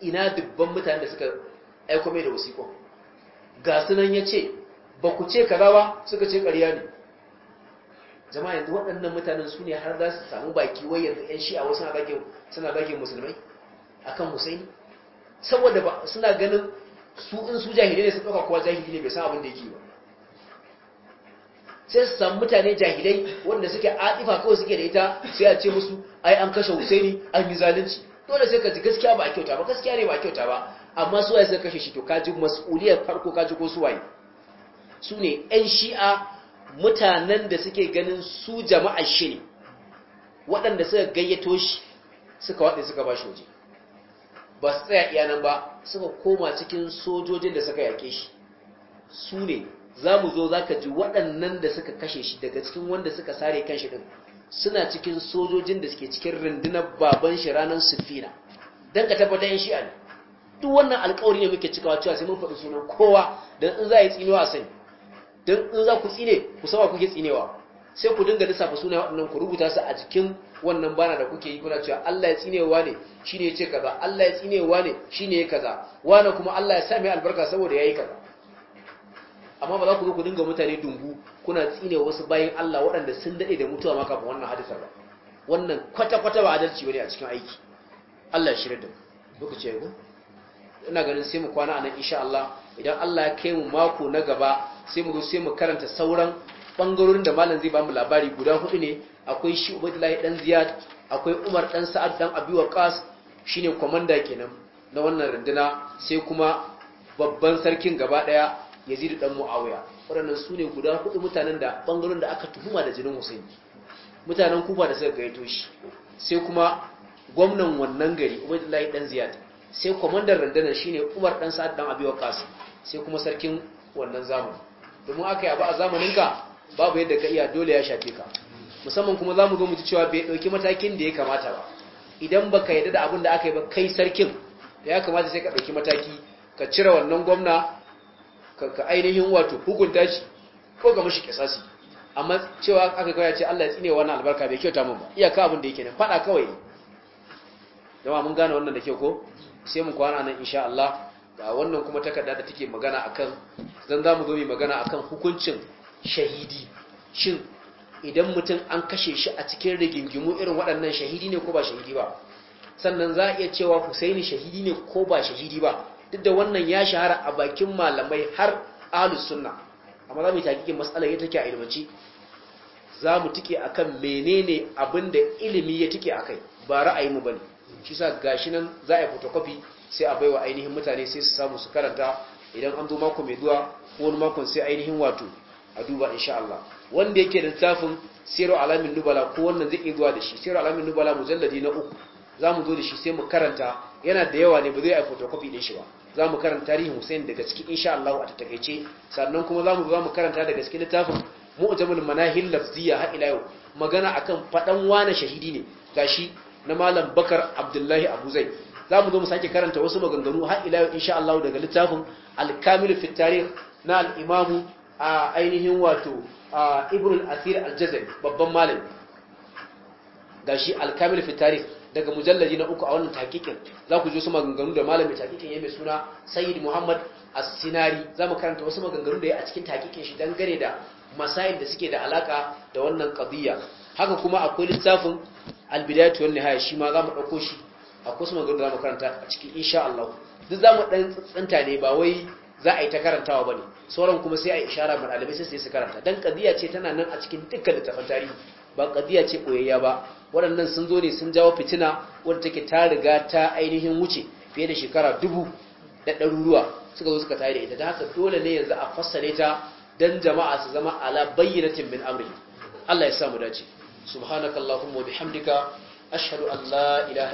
ina dubban mutanen da suka aiko mai da wasiƙo ga sunan ya ce ba ku ce kaza ba suka ce ƙarya ne jama'a yanzu waɗannan mutanen su ne har za su samu baki wai yanzu shi a wasu suna bakin musulmai akan Hussein saboda suna ganin su in su jahilai ne su ɗauka kowa jahili ne bai san abin da yake ba sai su samu mutane jahilai wanda suke adifa kawai suke da ita sai a ce musu ai an kashe Husaini an yi zalunci dole sai ka ji gaskiya ba kyauta ba gaskiya ne ba kyauta ba amma su waye suka kashe shi to ka mas'uliyar farko ka ko su waye su ne ƴan shi'a mutanen da suke ganin su jama'ar shi ne waɗanda suka gayyato shi suka waɗe suka ba shi waje ba su tsaya iya nan ba suka koma cikin sojojin da suka yake shi su ne za mu zo za ka ji waɗannan da suka kashe shi daga cikin wanda suka sare kan shi ɗin suna cikin sojojin da suke cikin rundunar baban shi ranar sufina don ka tabbatar yin shi'a ne duk wannan alkawari ne muke cikawa cewa sai mun faɗi sunan kowa don in za a yi tsinewa a sani don in za ku tsine ku sama kuke tsinewa sai ku dinga lissafa suna waɗannan ku rubuta su a jikin wannan bana da kuke yi kuna cewa Allah ya tsinewa ne shine ya ce kaza Allah ya tsinewa ne shine ya kaza wani kuma Allah ya sa mai albarka saboda ya yi kaza amma ba za ku zo ku dinga mutane dungu kuna tsine wasu bayan Allah waɗanda sun daɗe da mutuwa maka ba wannan hadisar ba wannan kwata-kwata ba adalci bane a cikin aiki Allah ya shirya da ce ya ina ganin sai mu kwana anan insha Allah idan Allah ya kai mu mako na gaba sai mu zo sai mu karanta sauran bangarorin da malam zai ba mu labari guda hudu ne akwai shi Ubaydullah dan Ziyad akwai Umar dan Sa'ad dan Abi Waqas shine komanda kenan na wannan runduna sai kuma babban sarkin gaba daya yazidu dan muawiya waɗannan su ne guda hudu mutanen da bangaren da aka tuhuma da jinin husaini mutanen kufa da suka gaito shi sai kuma gwamnan wannan gari ubaidullahi dan ziyad sai kwamandan randanar shine umar dan sa'ad dan abi waqas sai kuma sarkin wannan zamani domin aka yaba a zamanin ka babu yadda ka iya dole ya shafe ka musamman kuma zamu zo mu ji cewa bai dauki matakin da ya kamata ba idan baka yarda da abin da aka yi ba kai sarkin ya kamata sai ka dauki mataki ka cire wannan gwamna ka ainihin wato hukunta shi ko ga mushi kisasi amma cewa aka kawai ce Allah ya tsine wannan albarka bai kyauta mun ba iyaka abin da yake nan fada kawai jama mun gane wannan da ke ko sai mu kwana nan insha Allah da wannan kuma takarda da take magana akan zan zamu zo mu magana akan hukuncin shahidi shin idan mutum an kashe shi a cikin rigingimu irin waɗannan shahidi ne ko ba shahidi ba sannan za a iya cewa Husaini shahidi ne ko ba shahidi ba duk da wannan ya shahara a bakin malamai har ahlus sunna amma za mu yi takikin matsalar ya take a ilmaci za mu tike akan menene abinda ilimi ya tike kai ba ra'ayinmu bane shi sa gashi nan za a yi photocopy sai a baiwa ainihin mutane sai su samu su karanta idan an zo mako mai zuwa ko wani makon sai ainihin wato a duba insha Allah wanda yake da littafin Siru Alamin Nubala ko wannan zai iya zuwa da shi Siru Alamin Nubala mujalladi na uku zamu zo da shi sai mu karanta yana da yawa ne ba zai yi photocopy din shi ba za mu karanta tarihin Hussein daga ciki insha Allah a takaice sannan kuma za mu mu karanta daga cikin littafin Mu'jamul Manahil Lafziyya ha ila yau magana akan fadan wani shahidi ne gashi na Malam Bakar Abdullahi Abu Zaid za mu zo mu sake karanta wasu maganganu ha ila yau insha Allah daga littafin Al-Kamil fi Tarikh na al-Imam a ainihin wato Ibn al-Asir al-Jazari babban malam, gashi Al-Kamil fi Tarikh daga mujallaji na uku a wannan takikin za ku ji wasu maganganu da malamin takikin ya mai suna sayyid muhammad as-sinari za mu karanta wasu maganganu da ya a cikin takikin shi gare da masayin da suke da alaka da wannan qadiyya haka kuma akwai littafin al-bidayatu haya shi ma za mu dauko shi akwai su maganganu da za mu karanta a cikin insha Allah duk za mu dan tsantsanta ne ba wai za a yi ta karantawa ba ne, sauran kuma sai a yi ishara ma ɗalibai sai su karanta dan qadiyya ce tana nan a cikin dukkan littafan tarihi ba kadiya ce koyayya ba waɗannan sun zo ne sun jawo fitina wadda take ta riga ta ainihin wuce fiye da shekara dubu da ɗaruruwa suka zo suka tare da ita da haka dole ne yanzu a fassare ta don jama'a su zama ala bayyana min amri Allah ya samu dace subhanaka allahumma bihamdika ashhadu an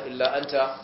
illa anta